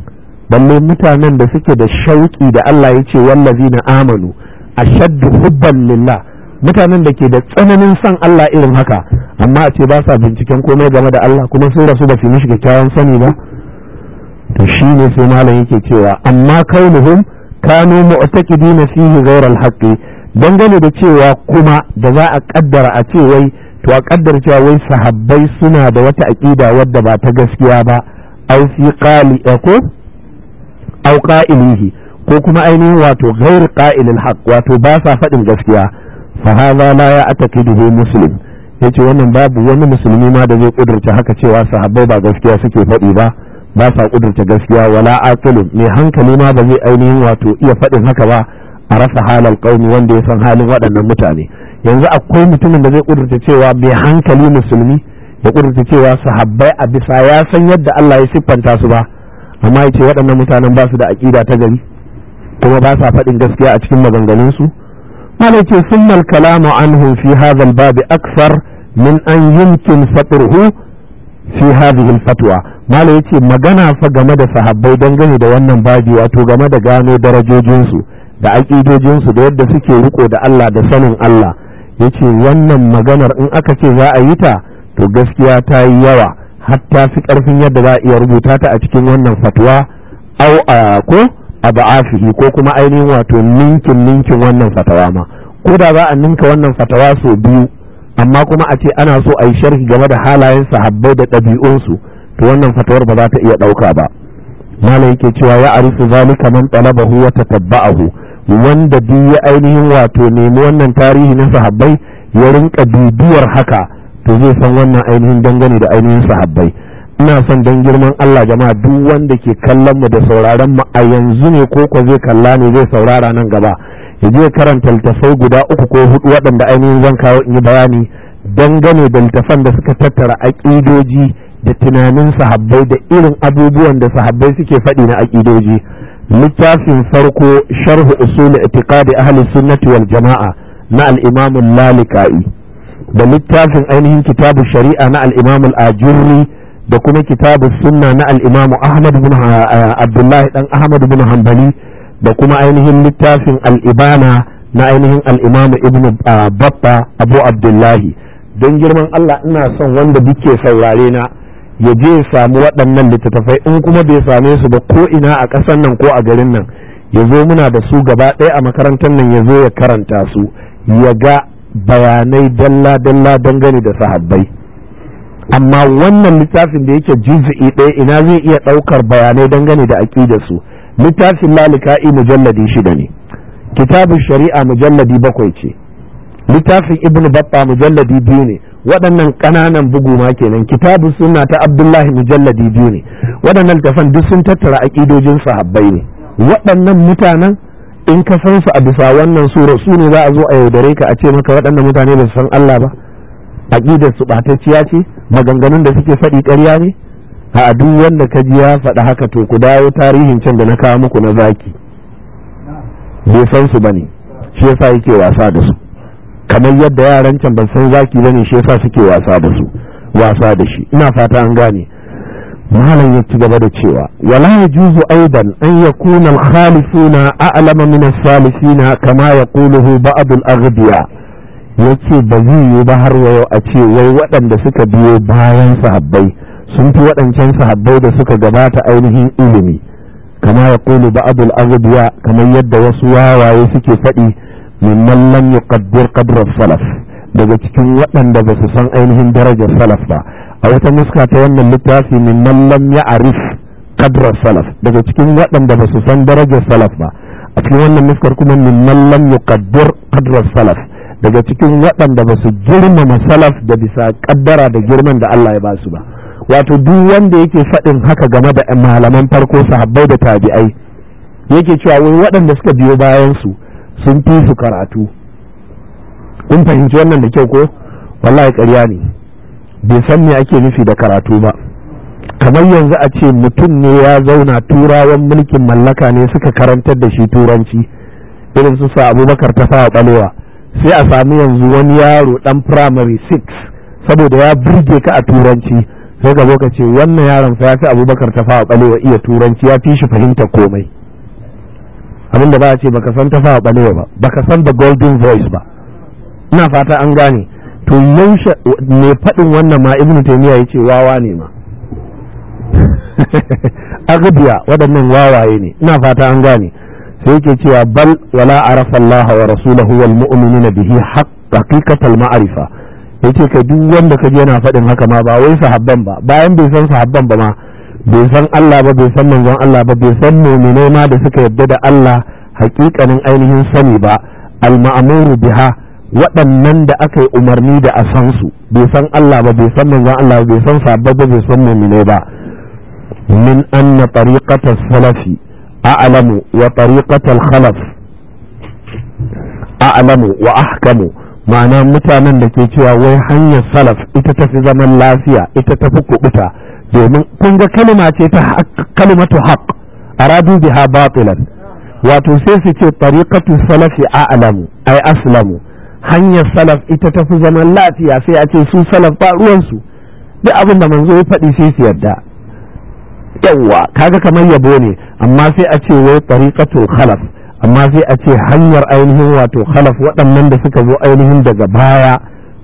balle mutanen da suke da shauki da Allah ya ce wallazi na amanu ashaddu hubban lilla mutanen da ke da tsananin san Allah irin haka amma a ce ba sa binciken komai game da Allah kuma sun rasu ba su mishi kyakkyawan sani ba to shi ne sai malam yake cewa amma kaunuhum kanu mu'taqidina fihi ghayra al-haqqi dangane da cewa kuma da za a kaddara a ce wai to a kaddara cewa wai sahabbai suna da wata aqida wadda ba ta gaskiya ba ai fi qali eh, ko au qa'ilihi ko kuma ainihin wato ghayr qa'il al-haqq wato ba sa fadin gaskiya fa hadha la ya'taqiduhu muslim yace wannan babu wani musulmi ma da zai kudurta haka cewa sahabbai ba gaskiya suke faɗi ba ba sa kudurta gaskiya wala aqilun mai hankali ma ba zai ainihin wato iya faɗin haka ba a rasa halal qaumi wanda ya san halin waɗannan mutane yanzu akwai mutumin da zai kudurta cewa bai hankali musulmi ya kudurta cewa sahabbai a bisa ya san yadda Allah ya siffanta su ba amma ya ce waɗannan mutanen ba su da aƙida ta gari kuma ba sa faɗin gaskiya a cikin maganganunsu su ce sun kalamu anhum fi hadha babi aksar min an yumkin fatruhu fi hadhihi fatwa malam yace magana fa game da sahabbai dangane da wannan baji wato game da gano darajojinsu da aƙidojinsu da yadda suke riko da Allah da sanin Allah yace wannan maganar in aka ce za a yi ta to gaskiya ta yi yawa hatta fi karfin yadda za a iya rubuta ta a cikin wannan fatwa au a ko a ba'afihi ko kuma ainihin wato ninkin ninkin wannan fatawa ma ko da za a ninka wannan fatawa sau biyu amma kuma a ce ana so a yi sharhi game da halayen sahabbai da ɗabi'unsu to wannan fatawar ba za ta iya ɗauka ba malam yake cewa ya arifu zalika man talabahu wa tatabba'ahu wanda bi ya ainihin wato nemi wannan tarihi na sahabbai ya rinka bibiyar haka to zai san wannan ainihin dangane da ainihin sahabbai ina son dan girman Allah jama'a duk wanda ke kallon mu da sauraron mu a yanzu ne ko ko zai kalla ne zai saurara nan gaba ya je karanta littafai guda uku ko hudu waɗanda ainihin zan kawo in yi bayani dangane da littafan da suka tattara aƙidoji da tunanin sahabbai da irin abubuwan da sahabbai suke faɗi na aƙidoji littafin farko sharhu usul i'tiqadi ahli sunnati wal jama'a na al-imam al-lalikai da littafin ainihin kitabu shari'a na al-imam al-ajurri da kuma kitabu sunna na al-imam ahmad bin abdullahi dan ahmad bin hanbali da kuma ainihin littafin al-ibana na ainihin al-imam ibn babba abu abdullahi don girman Allah ina son wanda duke saurare na ya je ya samu waɗannan littattafai in kuma bai same su ba ko ina a ƙasar nan ko a garin nan ya zo muna da su gaba ɗaya a makarantar nan ya zo ya karanta su ya ga bayanai dalla-dalla dangane da sahabbai amma wannan littafin da yake juz'i ɗaya ina zai iya ɗaukar bayanai dangane da aƙidar su littafin lalika'i mujalladi shida ne kitabun shari'a mujalladi bakwai ce littafin ibnu batta mujalladi biyu ne waɗannan ƙananan bugu ma kenan kitabu suna ta abdullahi mujalladi biyu ne waɗannan tafan duk sun tattara aƙidojin sahabbai ne waɗannan mutanen in ka san su a bisa wannan sura su ne za a zo a yaudare ka a ce maka waɗannan mutane ba su san Allah ba aƙidar su ɓatacciya ce maganganun da suke faɗi ƙarya ne a duk wanda ka ji ya faɗi haka to ku dawo tarihin can da na kawo muku na zaki bai san su bane shi yasa yake wasa da su kamar yadda yaran can ban san zaki bane shi yasa suke wasa da su wasa da shi ina fata an gane malam ya ci gaba da cewa wala yajuzu aidan an yakuna al-khalifuna a'lama min as-salifina kama yaquluhu ba'd al-aghbiya yace ba zai yi ba har yau a ce wai waɗanda suka biyo bayan sahabbai sun fi waɗancan sahabbai da suka gabata ainihin ilimi kama ya kulu ba'dul aghbiya kamar yadda wasu wawaye suke faɗi mimman lam yuqaddir qadra salaf daga cikin waɗanda ba su san ainihin darajar salaf ba a wata muska ta wannan littafi mimman lam ya'rif qadra salaf daga cikin waɗanda ba su san darajar salaf ba a cikin wannan muskar kuma mimman lam yuqaddir qadra salaf daga cikin waɗanda ba su girmama salaf da bisa kaddara da girman da Allah ya ba su ba wato duk wanda yake faɗin haka game da malaman farko sahabbai da tabi'ai yake cewa wai waɗanda suka biyo bayan su sun fi su karatu kun fahimci wannan da kyau ko wallahi ƙarya ne bai san me ake nufi da karatu ba kamar yanzu a ce mutum ne ya zauna turawan mulkin mallaka ne suka karantar da shi turanci irin su sa abubakar ta fara balewa sai a sami yanzu wani yaro dan primary 6 saboda ya burge ka a turanci sai ka ka ce wannan yaron fa ya fi abubakar ta fara balewa iya turanci ya fi shi fahimtar komai abin da ba a ce baka san ta fawa balewa ba baka san da golden voice ba ina fata an gane to yaushe ne faɗin wannan ma ibnu taymiya yace wawa ne ma agabiya waɗannan wawaye ne ina fata an gane sai yake cewa bal wala arafa Allah wa rasulahu wal mu'minuna bihi haqiqatal ma'rifa yace ka duk wanda kaje yana faɗin haka ma ba wai sahabban ba bayan bai san sahabban ba ma bai san Allah ba bai san manzon Allah ba bai san mu'minai ma da suka yadda da Allah hakikanin ainihin sani ba al-ma'muru biha waɗannan da aka yi umarni da a san su bai san Allah ba bai san manzon Allah bai san sabba ba bai san mu'minai ba min anna tariqata salafi a'lamu wa tariqata al-khalaf a'lamu wa ahkamu ma'ana mutanen da ke cewa wai hanyar salaf ita ta fi zaman lafiya ita ta fi kubuta domin kun ga kalma ce ta kalmatu haqq aradu biha batilan wato sai su ce tariqatu salafi a'lamu ai aslamu hanyar salaf ita ta fi zaman lafiya sai a ce su salaf ba ruwansu duk abin da manzo ya faɗi sai su yarda yawwa kaga kamar yabo ne amma sai a ce wai tariqatul khalaf amma sai a ce hanyar ainihin wato khalaf waɗannan da suka zo ainihin daga baya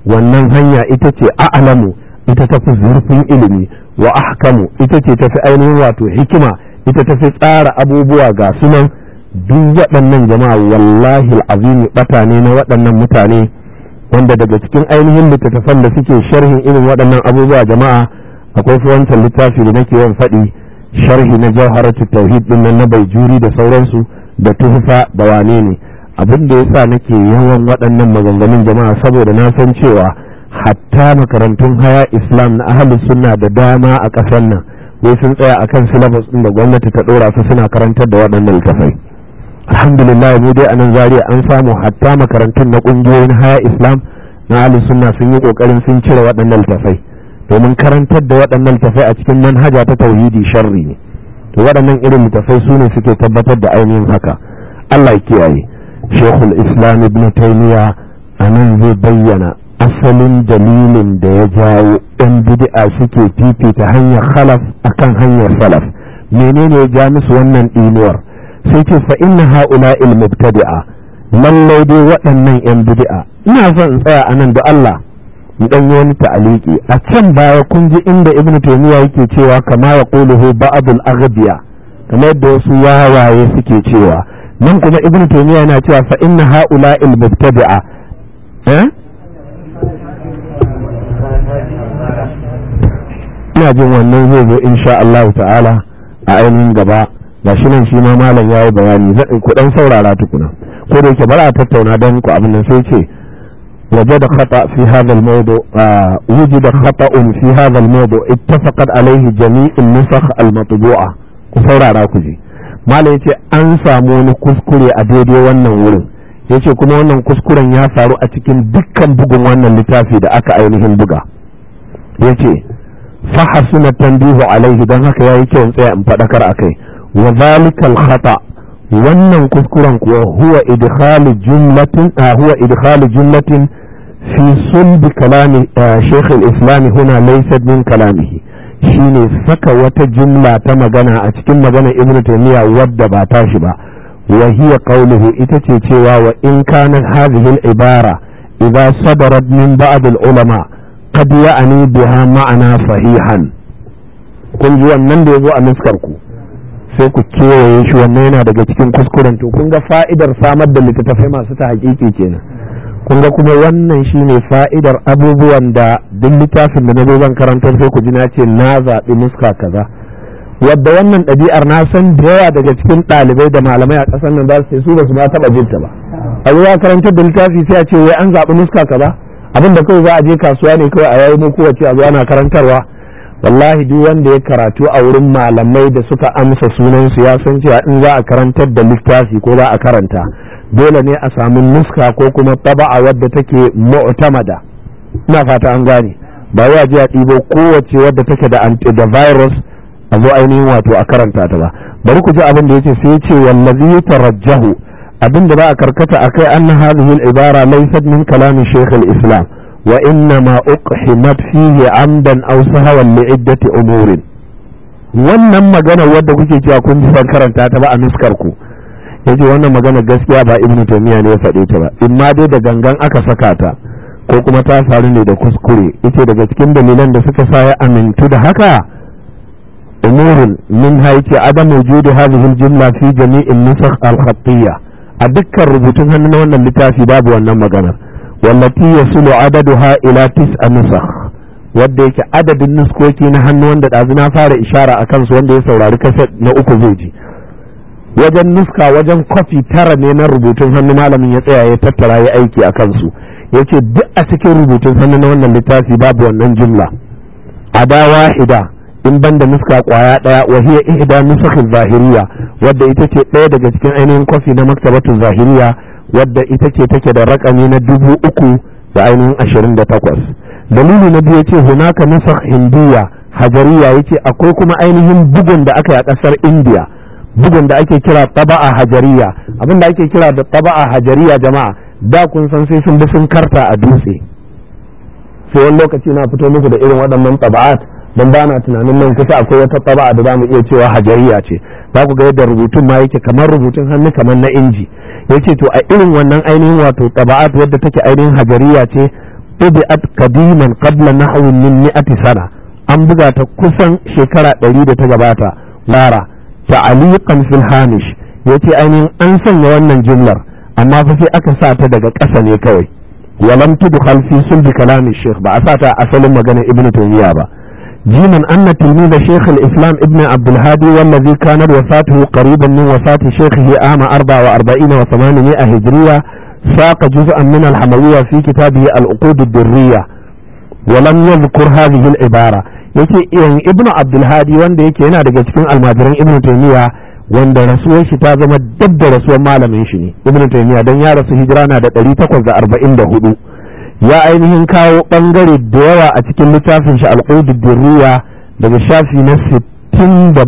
wannan hanya ita ce a'lamu ita ta fi zurfin ilimi wa ahkamu ita ce tafi ainihin wato hikima ita tafi tsara abubuwa ga sunan duk waɗannan jama'a wallahi azimi bata ne na waɗannan mutane wanda daga cikin ainihin littattafan da suke sharhin irin waɗannan abubuwa jama'a akwai wancan littafi da nake yawan faɗi sharhi na jawharatu tauhid ɗin nan na baijuri da sauransu da tuhfa da wane ne abin da yasa nake yawan waɗannan maganganun jama'a saboda na san cewa hatta makarantun haya islam na ahalus da dama a ƙasar nan wai sun tsaya akan silabus ɗin da gwamnati ta ɗora su suna karantar da waɗannan littafai alhamdulillah mu dai a nan zariya an samu hatta makarantun na ƙungiyoyin haya islam na ahalus sun yi ƙoƙarin sun cire waɗannan littafai domin karantar da waɗannan littafai a cikin manhaja ta tauhidi sharri ne to waɗannan irin littafai su ne suke tabbatar da ainihin haka Allah ya kiyaye shekul islam ibn taymiya a nan zai bayyana asalin dalilin da ya jawo ɗan bid'a suke fifita hanyar khalaf akan hanyar salaf menene ya ja musu wannan ɗinuwar sai ce fa inna haula il lallai dai waɗannan yan bid'a ina son in tsaya anan da Allah in dan yi wani ta'aliki a can baya kun ji inda ibn taymiya yake cewa kama yaquluhu ba'dul aghbiya kamar yadda wasu wawaye suke cewa nan kuma ibn taymiya yana cewa fa inna haula il eh ina jin wannan zai zo sha Allah ta'ala a ainihin gaba ga shi nan shi ma malam ya yi bayani ku dan saurara tukuna ko da yake bara a tattauna dan ku abin nan sai ce وجد خطأ في هذا الموضوع آه وجد خطأ في nusakh al-matbu'a ku saurara ku ji malam yace an samu أنسى kuskure a daidai wannan wurin yace kuma wannan kuskuren ya faru a cikin dukkan bugun wannan littafi da aka ainihin buga yace fa tambihu alaihi dan haka ya yi kyau tsaya in fadakar akai wa zalika khata wannan kuskuren kuwa huwa idkhalu jumlatin huwa idkhalu jumlatin fi sulbi kalami shaykh al islam huna laysa min kalamihi shine saka wata jumla ta magana a cikin magana ibn taymiya wadda ba tashi ba wa hiya qawluhu ita ce cewa wa in kana hadhihi al ibara idza sadarat min ba'd al ulama qad ani biha ma'ana sahihan kun ji wannan da yazo a nuskar ku sai ku kewaye shi wannan yana daga cikin kuskuren to kun ga fa'idar samar da littattafai masu ta hakiki kenan kun ga kuma wannan shine fa'idar abubuwan da duk littafin da nazo zan karantar sai ku ji na ce na zaɓi nuska kaza wadda wannan ɗabi'ar na san da yawa daga cikin ɗalibai da malamai a ƙasar nan za su su ba su ma taɓa jinta ba a zo karantar da littafi sai a ce wai an zaɓi nuska kaza abin da kawai za a je kasuwa ne kawai a yayi muku wace a zo ana karantarwa wallahi duk wanda ya karatu a wurin malamai da suka amsa sunan su ya san cewa in za a karantar da littafi ko za a karanta dole ne a samu nuska ko kuma taba'a wadda take mu'tamada ina fata an gane ba wai a je a dibo kowace wadda take da antivirus a zo ainihin wato a karanta ta ba bari ku ji abin da yace sai ya ce wallazi tarajjahu abin da ba a karkata akai anna hadhihi al-ibara laysat min kalam shaykh al-islam wa inna ma uqhimat fihi amdan aw sahawan li iddati umurin wannan magana wadda kuke cewa kun ji san karanta ta ba a nuskar ku yace wannan magana gaskiya ba ibnu taymiya ne ya faɗe ta ba in ma dai da gangan aka saka ta ko kuma ta faru ne da kuskure yace daga cikin dalilan da suka sa ya amintu da haka umurin min haiki adamu wujudu hadhihi al-jumla fi jami'in nusakh al a dukkan rubutun hannu na wannan littafi babu wannan maganar wallati ha ilatis ila tis'a nusakh wanda yake adadin nuskoki na hannu wanda ɗazu na fara ishara a kansu wanda ya saurari kaset na uku zai ji wajen nuska wajen kwafi tara ne na rubutun hannu malamin ya tsaya ya tattara ya aiki a kansu ya ce duk a cikin rubutun hannu na wannan littafi babu wannan jumla a da wahida in banda nuska kwaya daya wa hiya ihda nusakh zahiriya wadda ita ce daya daga cikin ainihin kwafi na maktabatu zahiriya wadda ita ce take da rakami na dubu uku da ainihin ashirin da takwas dalili na biyu yace hunaka nusakh hindiya hajariya yace akwai kuma ainihin bugun da aka yi a kasar indiya bugun da ake kira taba'a hajariya abin da ake kira da taba'a hajariya jama'a da kun san sai sun bi sun karta a dutse sai wani lokaci na fito muku da irin waɗannan taba'at don ba na tunanin nan kusa akwai wata tsaba da zamu mu iya cewa hajariya ce za ku ga yadda rubutun ma yake kamar rubutun hannu kamar na inji ya ce to a irin wannan ainihin wato taba'at wadda take ainihin hajariya ce tabi'at qadiman qabla nahwi min mi'ati sana an buga ta kusan shekara ɗari da ta gabata lara ta'aliqan fil hamish yace ainihin an sanya wannan jumlar amma fa sai aka sa ta daga ƙasa ne kawai walam tudkhal fi sulbi kalamin shekh ba a sa ta asalin magana ibnu taymiya ba جيما أن تلميذ شيخ الإسلام ابن عبد الهادي والذي كانت وفاته قريبا من وفاة شيخه عام 44 و800 هجرية ساق جزءا من الحموية في كتابه العقود الدرية ولم يذكر هذه العبارة yake irin ibnu abdulhadi wanda yake yana daga cikin almajiran ibnu taymiya wanda rasuwar shi ta zama dab da rasuwar malamin shi ne ibnu taymiya dan ya rasu hijira na da 844 ya ainihin kawo bangare da yawa a cikin littafin shi al'udu diriya daga shafi na 67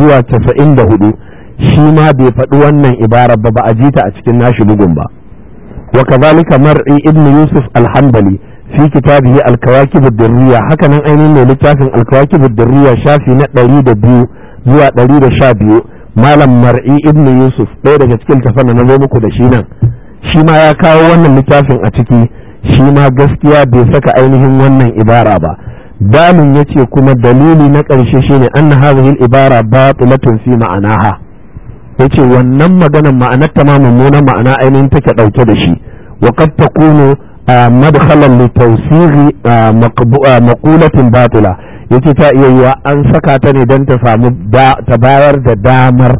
zuwa 94 shi ma bai faɗi wannan ibarar ba ba a jita a cikin nashi bugun ba wa kazalika mar'i ibnu yusuf alhambali fi kitabihi alkawakib ad-durriya haka nan ainihin ne littafin alkawakib ad-durriya shafi na 102 zuwa 112 malam mar'i ibnu yusuf ɗaya daga cikin tafan na zo muku da shi nan shi ma ya kawo wannan littafin a ciki shi ma gaskiya bai saka ainihin wannan ibara ba ya yace kuma dalili na ƙarshe shine anna hadhihi al-ibara batilatun fi ma'anaha yace wannan maganan ma'anar ta ma mummunan ma'ana ainihin take ɗauke da shi wa qad takunu madkhalan li tawsighi maqulatin batila yace ta iya yiwa an saka ta ne don ta samu ta bayar da damar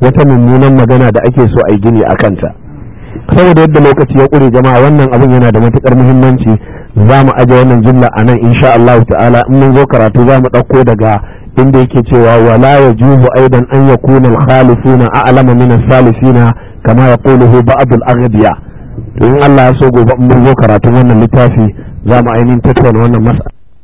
wata mummunan magana da ake so a yi gini a kanta saboda yadda lokaci ya ƙure jama'a wannan abin yana da matuƙar muhimmanci za mu aje wannan jumla a nan insha Allah ta'ala in mun zo karatu za mu ɗauko daga inda yake cewa wala yajuzu aidan an yakuna al-khalifuna a'lamu min as-salifina kama yaquluhu ba'd al in Allah ya so gobe mun zo karatu wannan littafi za mu ainihin tattauna wannan mas'ala